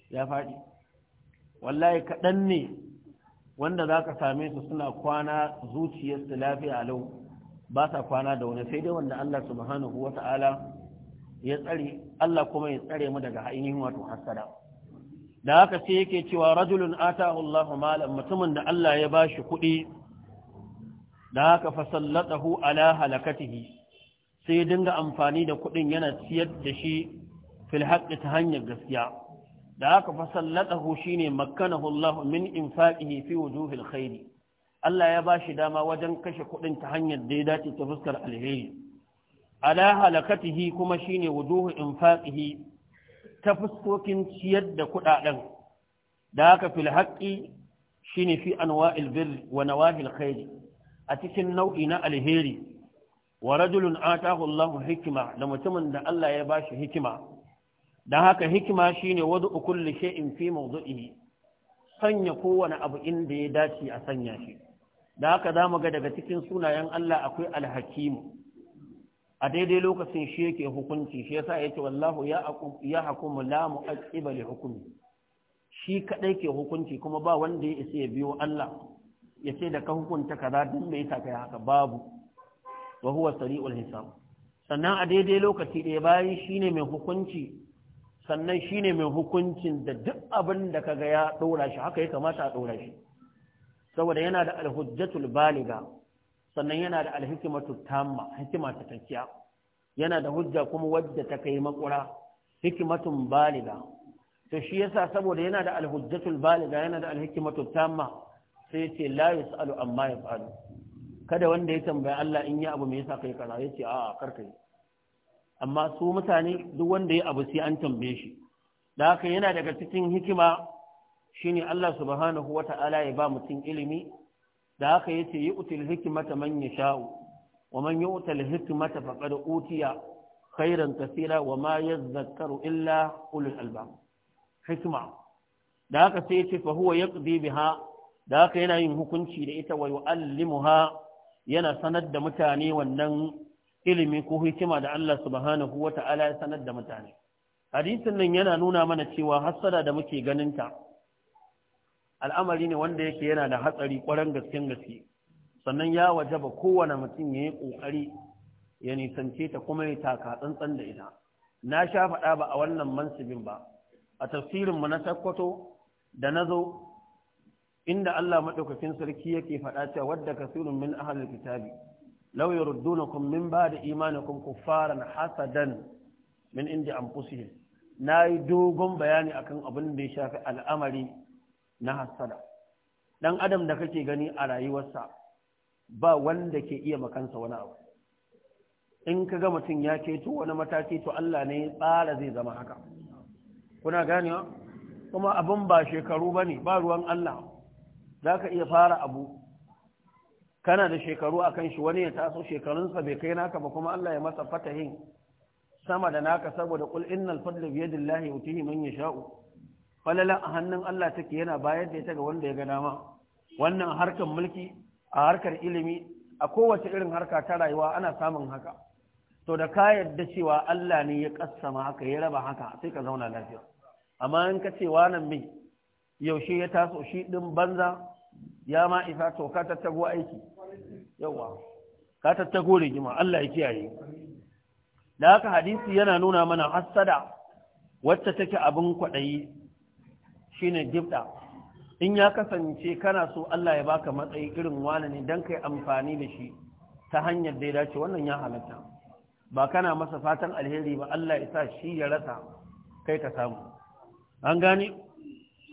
ya faɗi wallahi kaɗan ne wanda za ka same su suna kwana zuciyar su lafiya lau ba sa kwana da wani sai dai wanda Allah subhanahu wa ta'ala ya tsare Allah kuma ya tsare mu daga ainihin wato hasada da haka sai yake cewa rajulun ataahu Allahu malam mutumin da Allah ya bashi kuɗi da haka fasallatahu ala halakatihi sai dinga amfani da kuɗin yana siyar da shi fil haqqi ta hanyar gaskiya da haka fa sallatahu shine makkanahu Allah min infaqihi fi wujuhil khair Allah ya bashi dama wajen kashe kuɗin ta hanyar da ya dace ta fuskar alheri ala halakatihi kuma shine wujuhu infaqihi ta fuskokin ciyar da kuɗaɗen da haka fil haqqi shine fi anwa'il birr wa nawahil khair a cikin nau'i na alheri wa rajulun atahu Allahu hikima da mutumin da Allah ya bashi hikima dan haka hikima shine wadu kulli shay'in fi mawdu'ihi sanya kowane abu inda ya dace a sanya shi da haka zamu ga daga cikin sunayen Allah akwai al-hakim a daidai lokacin shi yake hukunci shi yasa yace wallahu ya ya hukumu la mu'aqqiba li hukmi shi kadai ke hukunci kuma ba wanda ya isa ya biyo Allah ya ce da ka hukunta kaza dan me yasa kai haka babu wa huwa sari'ul hisab sannan a daidai lokaci ɗaya bayan shine mai hukunci sannan shine mai hukuncin da duk abin da kaga ya ɗora shi haka ya kamata a ɗora shi saboda yana da alhujjatul baliga sannan yana da alhikimatu tamma hikima ta takiya yana da hujja kuma wadda ta kai makura hikimatun baliga to shi yasa saboda yana da alhujjatul baliga yana da alhikimatu tamma sai ce la yasalu amma yafalu kada wanda ya tambaya Allah in ya abu me yasa kai kaza yace a'a Karkai. kai amma su mutane duk wanda ya abu sai an tambaye shi da haka yana daga cikin hikima shine Allah subhanahu wata'ala ya ba mutum ilimi da haka yace yu'til hikmata man yasha'u wa man yu'tal hikmata faqad utiya khairan kaseera wa ma yadhakkaru illa ulul albab hikma da haka sai yace fa huwa yaqdi biha da haka yana yin hukunci da ita wa yu'allimuha yana sanar da mutane wannan ilimi ko hikima da Allah subhanahu wa ta'ala ya sanar da mutane hadisin nan yana nuna mana cewa hassada da muke ganinta al'amari ne wanda yake yana da hatsari ƙwarar gasken gaske sannan ya waje ba kowane mutum ya yi ƙoƙari ya nisance ta kuma ya taka tsantsan da ita na sha faɗa ba a wannan mansibin ba a tafsirinmu na sakkwato da na zo inda Allah maɗaukakin sarki yake faɗa cewa wadda kasirun min ahlil kitabi law yurdunakum min ba'di imanikum kuffaran hasadan min indi anfusihim nayi dogon bayani akan abin da ya shafi al'amari na hasada dan adam da kake gani a rayuwarsa ba wanda ke iya makansa wani abu in ka ga mutum ya ceto wani mataki to Allah ne tsara zai zama haka kuna ganewa kuma abin ba shekaru ba ne ba ruwan Allah za ka iya fara abu kana da shekaru a kan shi wani ya taso shekarunsa bai kai naka ba kuma Allah ya masa fatahin sama da naka saboda kul innal fadlu bi yadillahi yutihi man sha'u. falala a hannun Allah take yana bayar da ita ga wanda ya ga dama wannan harkar mulki a harkar ilimi a kowace irin harka ta rayuwa ana samun haka to da ka yadda cewa Allah ne ya kassama haka ya raba haka sai ka zauna lafiya amma in ka ce nan mai yaushe ya taso shi ɗin banza ya ma isa to ka tattago aiki yawa ka tattago rigima Allah ya kiyaye da haka hadisi yana nuna mana hassada wacce take abin kwaɗayi shine gifta in ya kasance kana so Allah ya baka matsayi irin wani ne don kai amfani da shi ta hanyar da ya dace wannan ya halatta ba kana masa fatan alheri ba Allah ya sa shi ya rasa kai ka samu an gane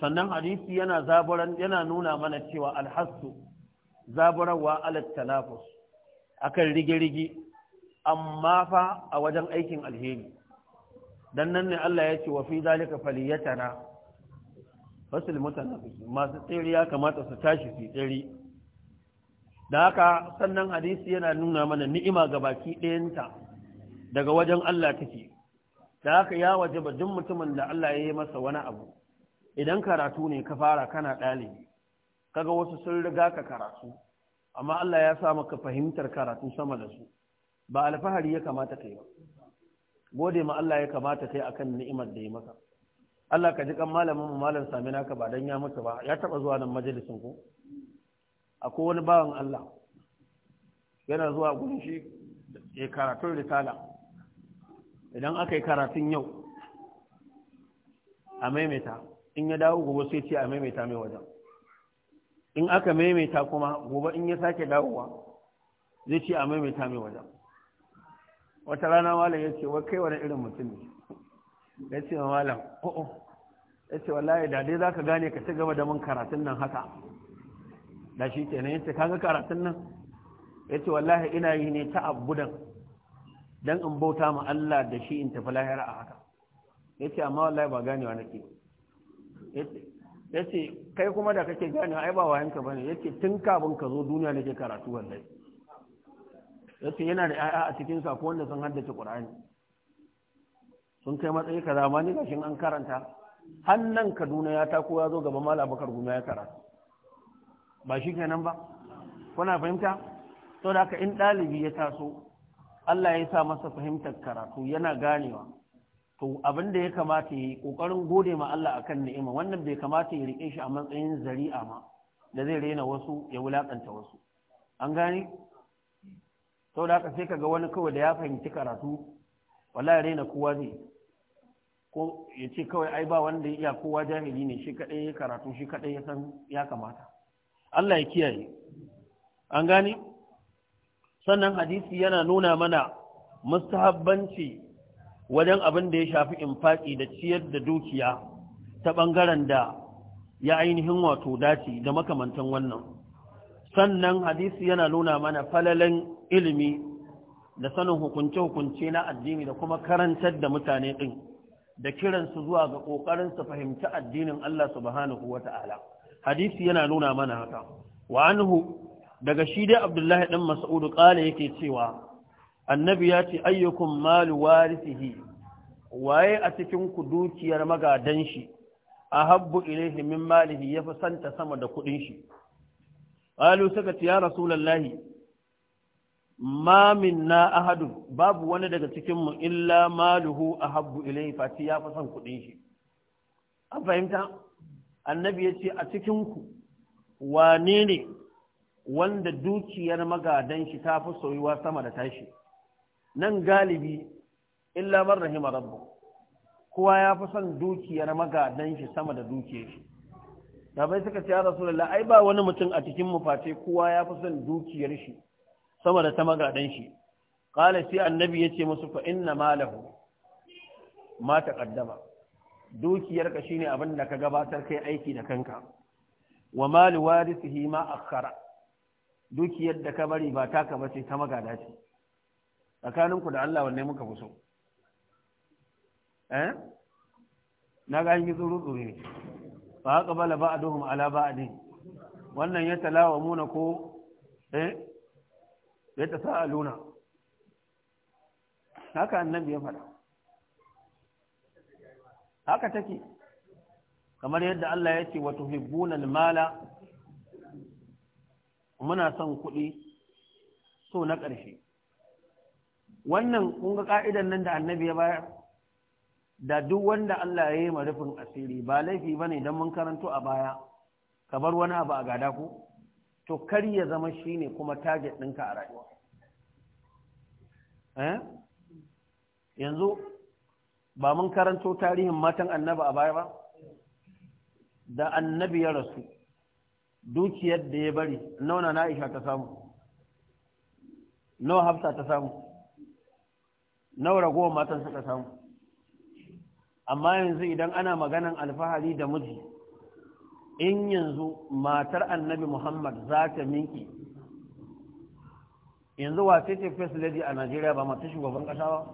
sannan hadisi yana zaburan yana nuna mana cewa alhassu zaburarwa alat akan rige amma fa a wajen aikin alheri dan nan ne Allah ya ce wa fi zalika faliyatana fasil mutanafisu masu tsiri ya kamata su tashi su tsiri da haka sannan hadisi yana nuna mana ni'ima ga baki ɗayanta daga wajen Allah take da haka ya waje ba duk mutumin da Allah ya yi masa wani abu idan karatu ne ka fara kana ɗalibi kaga wasu sun riga ka karatu amma Allah ya sa maka fahimtar karatu sama da su ba alfahari ya kamata kai ba gode ma Allah ya kamata kai akan ni'imar da ya maka Allah ka ji kan malamin mu malam sami naka ba dan ya mutu ba ya taba zuwa nan majalisin ko akwai wani bawan Allah yana zuwa gurin shi ya karatun risala idan aka yi karatun yau a maimaita in ya dawo gobe sai ce a maimaita mai wajen in aka maimaita kuma gobe in ya sake dawowa zai ce a maimaita mai wajen wata rana malam ya ce wa kai wani irin mutum ne ya ce wa malam o'o oh, oh. ya ce wallahi da dai za ka gane ka ci gaba da mun karatun nan haka da shi kenan ya ce kaga karatun nan ya ce wallahi ina yi ne ta abudan don in bauta ma Allah da shi in tafi lahira a haka ya ce amma wallahi ba gane wa nake ba ya ce kai kuma da kake gane ai ba wayanka bane ya ce tun kafin ka zo duniya nake karatu wallahi ya ce yana da 'ya'ya a cikin sa ko wanda sun haddace qur'ani sun kai matsayi kaza ma ni gashin an karanta hannan kaduna ya ta ya zo gaba mala bakar gumi ya karatu ba shi kenan ba kuna fahimta saboda haka in ɗalibi ya taso Allah ya sa masa fahimtar karatu yana ganewa to abin da ya kamata yi ƙoƙarin gode ma Allah akan ni'ima wannan bai kamata ya rike shi a matsayin zari'a ma da zai rena wasu ya wulakanta wasu an gani sau da haka sai kaga wani kawai da ya fahimci karatu wallahi rena kowa zai ko ya ce kawai ai ba wanda ya iya kowa jahili ne shi kaɗai ya karatu shi kaɗai ya san ya kamata Allah ya kiyaye an gani sannan hadisi yana nuna mana mustahabbanci wajen abin da ya shafi in faɗi da ciyar da dukiya ta ɓangaren da ya ainihin wato dace da makamantan wannan sannan hadisi yana nuna mana falalen ilimi da sanin hukunce-hukunce na addini da kuma karantar da mutane ɗin da kiransu zuwa ga ƙoƙarin su fahimci addinin Allah subhanahu wa ta'ala hadisi yana nuna mana haka wa anhu daga shi dai abdullahi ɗan mas'udu ƙala yake cewa annabi ya ce ayyukun malu warisihi waye a cikin ku dukiyar magadan shi a habbu ilaihi min malihi yafi santa sama da kudin shi qalu suka ce ya rasulullahi ma minna ahadu babu wani daga cikin mu illa maluhu ahabbu ilaihi fati ya fi san kudin shi an fahimta annabi ya ce a cikin ku wane ne wanda dukiyar magadan shi ta fi soyuwa sama da tashi nan galibi illa man rahima rabbu kowa ya fi son dukiyar magadan shi sama da dukiyar shi da bai suka ce ya rasulullah ai ba wani mutum a cikin mu face kowa ya fi son dukiyar shi sama da ta magadan shi qala sai annabi yace musu fa inna malahu ma taqaddama dukiyar ka shine abin da ka gabatar kai aiki da kanka wa mal warithihi ma akhara dukiyar da ka bari ba taka bace ta magada ce tsakaninku da Allah wanne muka fi so eh na ga yi tsoro tsoro ne fa haka bala ba a duhun ala ba a din wannan ya talawa muna ko eh ya ta sa a luna haka annabi ya faɗa haka take kamar yadda Allah ya ce wato hibbunal mala muna son kuɗi so na ƙarshe wannan kun ga ka'idan nan da annabi ya bayar da duk wanda Allah ya yi ma rufin asiri ba laifi ba ne don mun karanto a baya ka bar wani abu a gada ku to kar ya zama ne kuma target ɗinka a rayuwa eh? yanzu ba mun karanto tarihin matan annabi a baya ba da annabi ya rasu dukiyar da ya bari nauna na aisha ta samu nawa hafsa ta samu nawa goma matan suka samu amma yanzu idan ana maganan alfahari da miji in yanzu matar annabi muhammad za ta minki yanzu wace ce first lady a najeriya ba matar shugaban kasa ba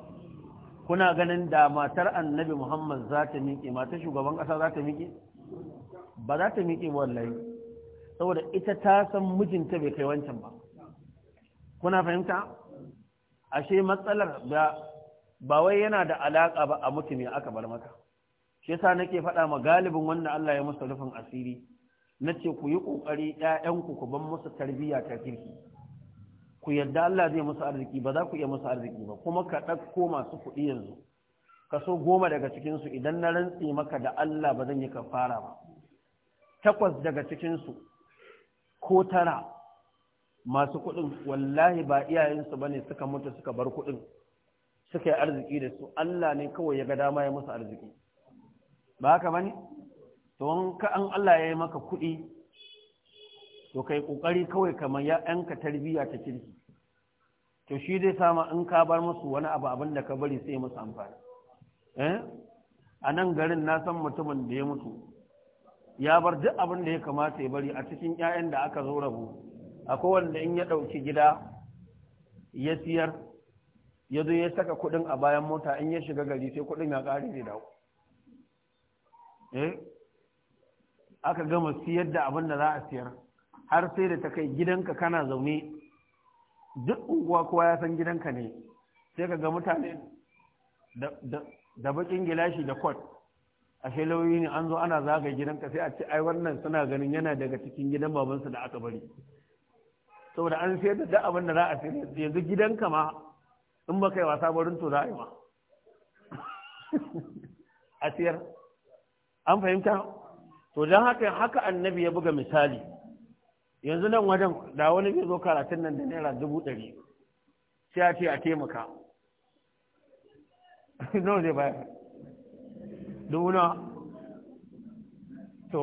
kuna ganin da matar annabi muhammad za ta minki matar shugaban kasa za ta minki ba za ta minki wallahi saboda ita ta san mijinta bai kai wancan ba kuna fahimta ashe matsalar da ba wai yana da alaƙa ba a mutum aka bar maka shi yasa nake faɗa ma galibin wanda Allah ya musu rufin asiri na ce ku yi ƙoƙari ‘ya'yanku ku ban musu tarbiyya ta kirki ku yadda Allah zai musu arziki ba za ku iya musu arziki ba kuma ka ɗauko masu kuɗi yanzu Ka so goma daga cikinsu idan na rantse maka da Allah ba zan yi kafara ba takwas daga cikinsu ko tara masu kuɗin wallahi ba iyayensu ba ne suka mutu suka bar kuɗin suka yi arziki da su Allah ne kawai ya ga dama ya musu arziki ba haka bane to an Allah ya yi maka kuɗi to kai ƙoƙari kawai kamar ya yanka tarbiyya ta kirki to shi dai sama in ka bar musu wani abu abin da ka bari sai musu amfani eh? a nan garin na san mutumin da ya mutu ya bar duk abin da ya kamata ya bari a cikin yayan da aka zo rabu akwai wanda in ya ɗauki gida ya siyar ya zo ya saka kuɗin a bayan mota in ya shiga gari sai kuɗin ya ƙare zai dawo eh aka gama siyar da abin da za a siyar har sai da ta kai gidanka kana zaune duk unguwa kowa ya san gidanka ne sai ka ga mutane da bakin gilashi da kwat a lauyoyi ne an zo ana zaga gidanka sai a ce ai wannan suna ganin yana daga cikin gidan babansu da aka bari saboda an sayar da abin da za a sayar yanzu gidanka ma in ba kai wasa barin to za a yi ma a siyar an fahimta to don haka haka annabi ya buga misali yanzu nan wajen da wani zai zo karatun nan da naira dubu ɗari sai a ce a taimaka nawa zai bayar dubu na to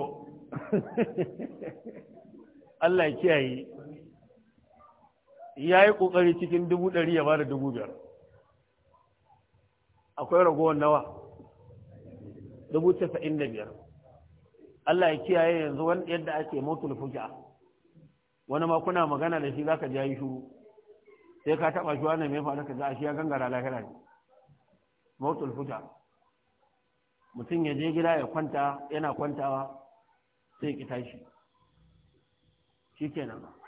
Allah ya kiyaye ya yi ƙoƙari cikin dubu ɗari ya ba da dubu biyar akwai ragowar nawa dubu casa'in da biyar Allah ya kiyaye yanzu wani yadda ake motul fuka wani ma kuna magana da shi zaka ja yi shuru sai ka taɓa shi na mai faru ka a shi ya gangara lahira ne motul fuka mutum ya je gida ya kwanta yana kwantawa sai ki tashi shikenan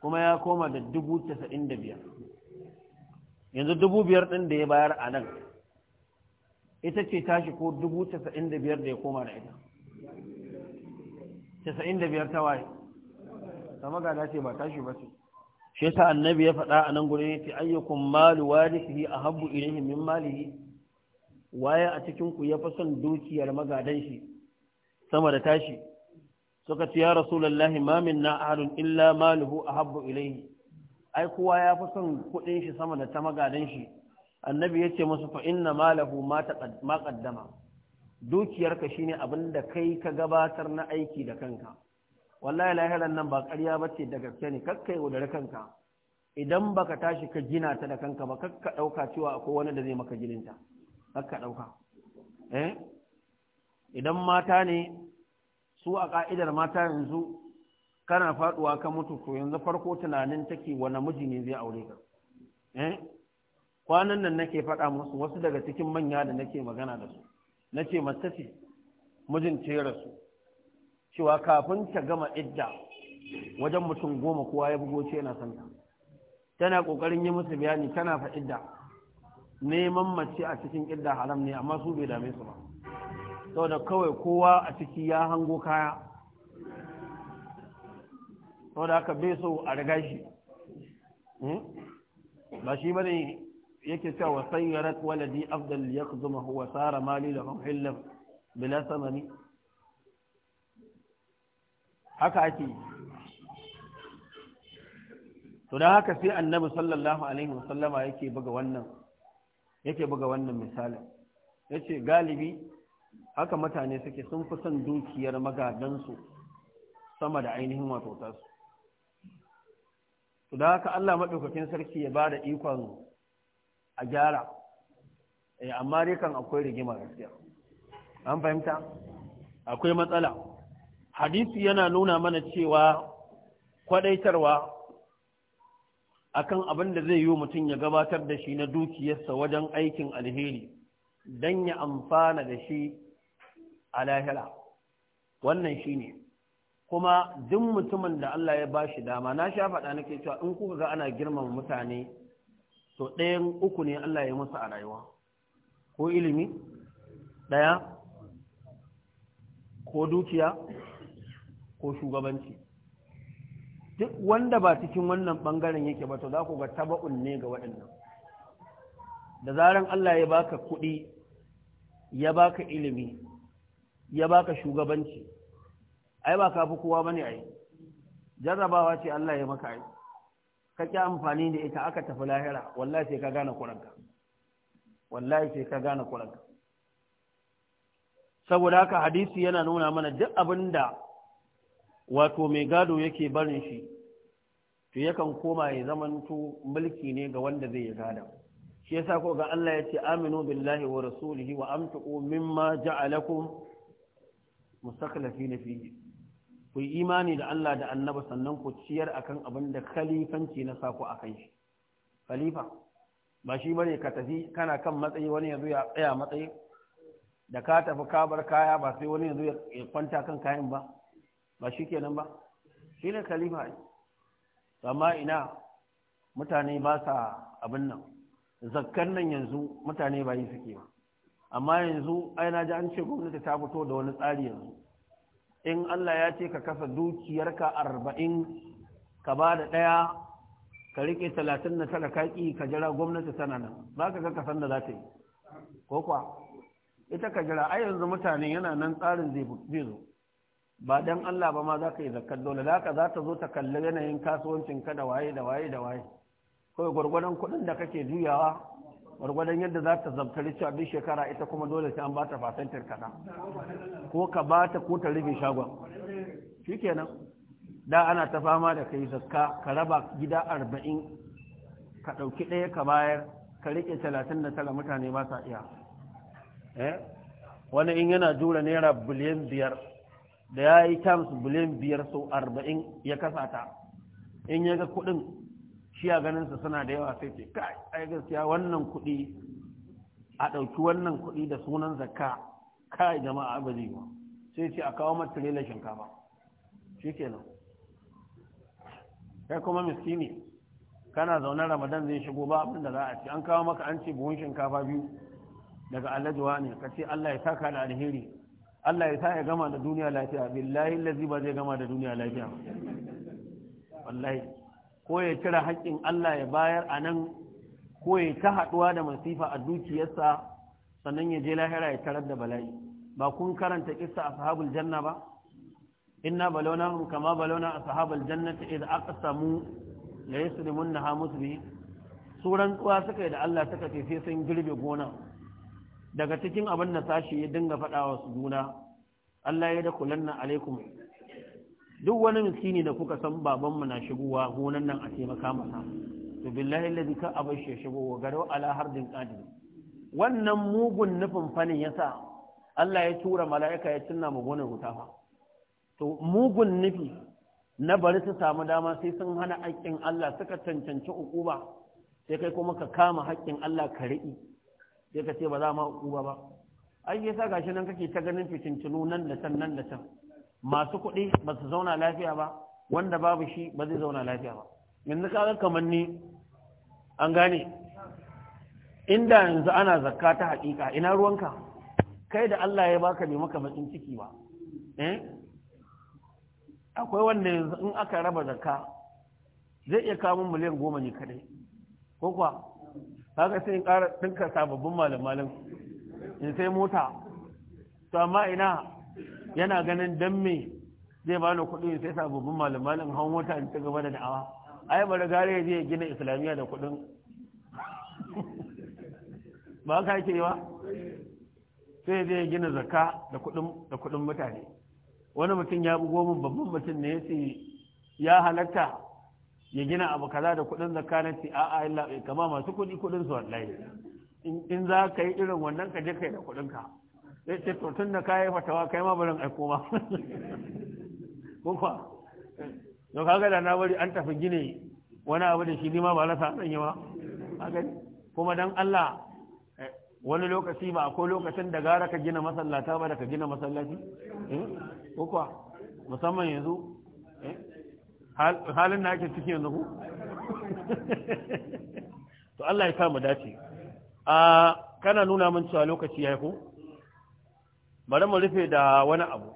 kuma ya koma da dubu casa'in da biyar yanzu dubu biyar ɗin da ya bayar a nan ita ce tashi ko dubu casa'in da biyar da ya koma da ita casa'in da biyar ta waye ta ga ce ba tashi ba ce shi ta annabi ya faɗa a nan ne ce ayyukum malu a Habu ilayhi min malihi waye a cikin ku ya fi son dukiyar magadan shi sama da tashi suka ce ya rasulullahi ma na ahadun illa maluhu habbu ilayhi ai kowa ya fi son kuɗin shi sama da ta magadan shi annabi ya ce musu fa inna malahu ma qaddama dukiyarka shine abin da kai ka gabatar na aiki da kanka wallahi lahiran nan ba ƙarya ce da gaske ne kakkai wadare kanka idan baka tashi ka gina ta da kanka ba kakka ɗauka cewa akwai wani da zai maka gininta kakka ɗauka eh? idan mata ne su a ƙa'idar mata yanzu kana faɗuwa ka mutu to yanzu farko tunanin take wani miji ne zai aure ka eh kwanan nan nake faɗa musu wasu daga cikin manya da nake magana da su nace mace mijin ce rasu cewa kafin ta gama idda wajen mutum goma kowa ya bugo ce yana son tana kokarin yi musu bayani tana fa idda neman mace a cikin idda haram ne amma su bai dame su ba da kawai kowa a ciki ya hango kaya saboda haka bai so a riga shi hmm? ba shi bane yake cewa wa sayyarat waladi afdal yakzuma huwa sara mali lahu hillam bila samani haka ake to da haka sai annabi sallallahu alaihi wasallama yake buga wannan yake buga wannan misalin yace galibi haka mutane suke sun fi son dukiyar magadansu sama da ainihin wato Su da haka Allah maɗaukakin sarki ya ba da ikon a gyara eh, amma dai kan akwai rigima gaskiya an fahimta akwai matsala hadisi yana nuna mana cewa kwadaitarwa akan abin da zai yi mutum ya gabatar da shi na dukiyarsa wajen aikin alheri don ya amfana da shi a lahira wannan shi ne. kuma duk mutumin da Allah ya ba shi dama na sha faɗa nake cewa in kuka ga ana girmama mutane to ɗayan uku ne Allah ya musu a rayuwa ko ilimi ɗaya ko dukiya ko shugabanci duk wanda ba cikin wannan ɓangaren yake ba to za ku ga taba'un ne ga waɗannan da zaran Allah ya baka kuɗi ya baka ilimi ya baka shugabanci ai ba ka fi kowa bane ai jarrabawa ce Allah ya maka ai ka ki amfani da ita aka tafi lahira wallahi sai ka gane kuranka wallahi sai ka gane kuranka saboda haka hadisi yana nuna mana duk abin da wato mai gado yake barin shi to yakan koma ya zamanto mulki ne ga wanda zai yi gada shi yasa ko ga Allah ya ce aminu billahi wa rasulihi wa amtu mimma ja'alakum mustaklafi fi fiye ku imani da Allah da annaba sannan ku ciyar akan abin da khalifanci na sako a kan shi khalifa ba shi bane ka tafi kana kan matsayi wani yanzu ya tsaya matsayi da ka tafi ka bar kaya ba sai wani yanzu ya kwanta kan kayan ba ba shi kenan ba shi ne khalifa amma ina mutane ba sa abin nan zakkan nan yanzu mutane ba yi suke ba amma yanzu ai na ji an ce gwamnati ta fito da wani tsari yanzu in Allah ya ce ka kasa dukiyarka arba'in ka ba da ɗaya ka riƙe talatin na tara kaƙi ka jira gwamnati tana nan ba ka ga kasan da za ta yi ko kuwa ita ka jira ai yanzu mutane yana nan tsarin zai zo ba dan Allah ba ma za ka yi zakar dole za ka za ta zo ta kalli yanayin kasuwancin ka da waye da waye da waye kawai gwargwadon kuɗin da kake juyawa gwargwadon yadda za ta zabtari cewa duk shekara ita kuma dole sai an ba ta fasantar kada ko ka ba ta ko ta rufe shagon shi kenan da ana ta fama da kai zakka ka raba gida arba'in ka ɗauki ɗaya ka bayar ka riƙe talatin da tara mutane ba sa iya eh? wani in yana jura naira biliyan biyar da ya yi tams biliyan biyar sau arba'in ya kasa ta in ya ga kuɗin shi a ganinsa suna da yawa sai ce kai ai gaskiya wannan kuɗi a ɗauki wannan kuɗi da sunan zakka kai jama'a ba zai ba sai ce a kawo mata rela shinkafa shi kenan kai kuma miskini kana zaune ramadan zai shigo ba abin da za a ci an kawo maka an ce buhun shinkafa biyu daga alajuwa ne ka ce allah ya saka da alheri allah ya sa ya gama da duniya lafiya billahi lazi ba zai gama da duniya lafiya wallahi ko ya cire haƙƙin Allah ya bayar a nan ko ya ta haɗuwa da masifa a dukiyarsa sannan ya je lahira ya tarar da bala'i ba kun karanta kissa ashabul janna ba inna balawnahum kama balawna ashabal jannati su aqsamu la yasrimunha musbi suran tsuwa suka yi da Allah suka ce sai sun girbe gona daga cikin abin da sashi ya dinga faɗawa su juna Allah ya da kulanna alaikum duk wani miskini da kuka san babanmu na shigowa gonan nan a taimaka masa to billahi alladhi ka abashi ya shigo wa garo ala hardin qadir wannan mugun nufin fanin yasa Allah ya tura mala'ika ya cinna mu gonar hutafa to mugun nufi na bari su samu dama sai sun hana haƙƙin Allah suka cancanci ukuba sai kai kuma ka kama haƙƙin Allah ka riƙi sai ka ce ba za ma ukuba ba ai yasa gashi nan kake ta ganin fitintunu nan da can nan da can masu kuɗi ba su zauna lafiya ba wanda babu shi ba zai zauna lafiya ba yanzu kaga kamar ni an gane inda yanzu ana zakka ta haƙiƙa ina ruwanka kai da Allah ya baka bai maka bakin ciki ba eh akwai wanda yanzu in aka raba zakka zai iya kawo miliyan goma ne kadai ko kuwa haka sai in ƙara ɗinka sababbin malam malam in sai mota to amma ina yana ganin dan me zai ba ni kuɗi sai sababbin malamalin hawan wata in ci gaba da da'awa ai bari gare ya je gina islamiyya da kuɗin ba ka ke ba sai zai gina zakka da kuɗin da kuɗin mutane wani mutum ya bugo min babban mutum ne yace ya halatta ya gina abu kaza da kuɗin zakka na ce a'a illa kama masu kuɗi kuɗin su wallahi in za ka yi irin wannan ka je kai da kuɗinka? ka sai ce to tun da kayi fatawa kai ma barin aiko ma ko fa kaga da na bari an tafi gine wani abu da shi ni ma ba rasa sanya ma kaga kuma dan Allah wani lokaci ba akwai lokacin da gara ka gina masallata ba da ka gina masallaci eh? ko kwa musamman yanzu eh? halin da ake ciki yanzu ku to Allah ya kama dace a ah, kana nuna min cewa lokaci ya yi ko bari mu rufe da wani abu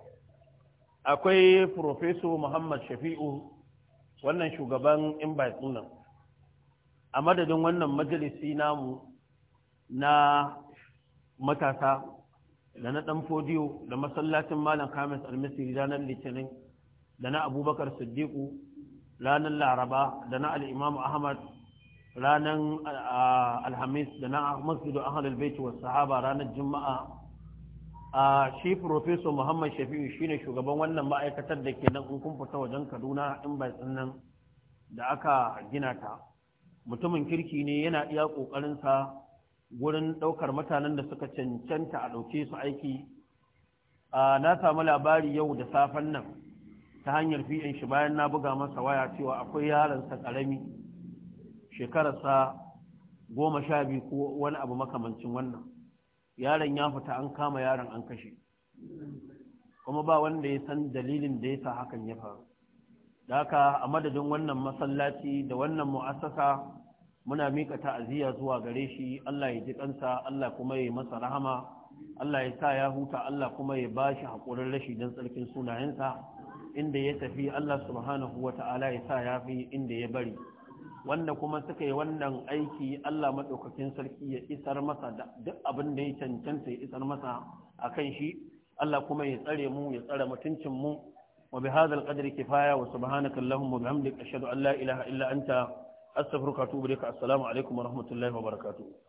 akwai profeso muhammad shafi'u wannan shugaban in nan a madadin wannan majalisi namu na matasa da na ɗan fodiyo da masallacin malam kamis almisiri ranar litinin da na abubakar siddiqu ranar laraba da na al'imamu ahmad ranar alhamis da na masjidu ahalul baiti wasu sahaba ranar juma'a a shi professor muhammad shafi'u shine shugaban wannan ma'aikatar da ke nan in kun fita wajen kaduna in bai nan da aka gina ta mutumin kirki ne yana iya ƙoƙarinsa wurin ɗaukar mutanen da suka cancanta a ɗauke su aiki na samu labari yau da safen nan ta hanyar fi'in shi bayan na buga masa waya cewa akwai yaransa ƙarami shekararsa goma sha biyu ko wani abu makamancin wannan yaron ya fita an kama yaron an kashe kuma ba wanda ya san dalilin da ya sa hakan ya faru da a madadin wannan masallaci da wannan mu'assasa muna mika ta'aziyya zuwa gare shi Allah ya ji kansa Allah kuma ya masa rahama Allah ya sa ya huta Allah kuma ya bashi hakurin rashi don tsarkin sunayensa inda ya tafi Allah subhanahu wata'ala ya sa ya fi inda ya bari wanda kuma suka yi wannan aiki Allah maɗaukakin sarki ya isar masa da duk abin da ya cancanta ya isar masa a kan shi Allah kuma ya tsare mu ya tsare mutuncin mu wa bi hadzal qadri kifaya wa subhanaka allahumma wa bihamdika ashhadu an la ilaha illa anta astaghfiruka wa atubu ilaik assalamu alaikum wa rahmatullahi wa barakatuh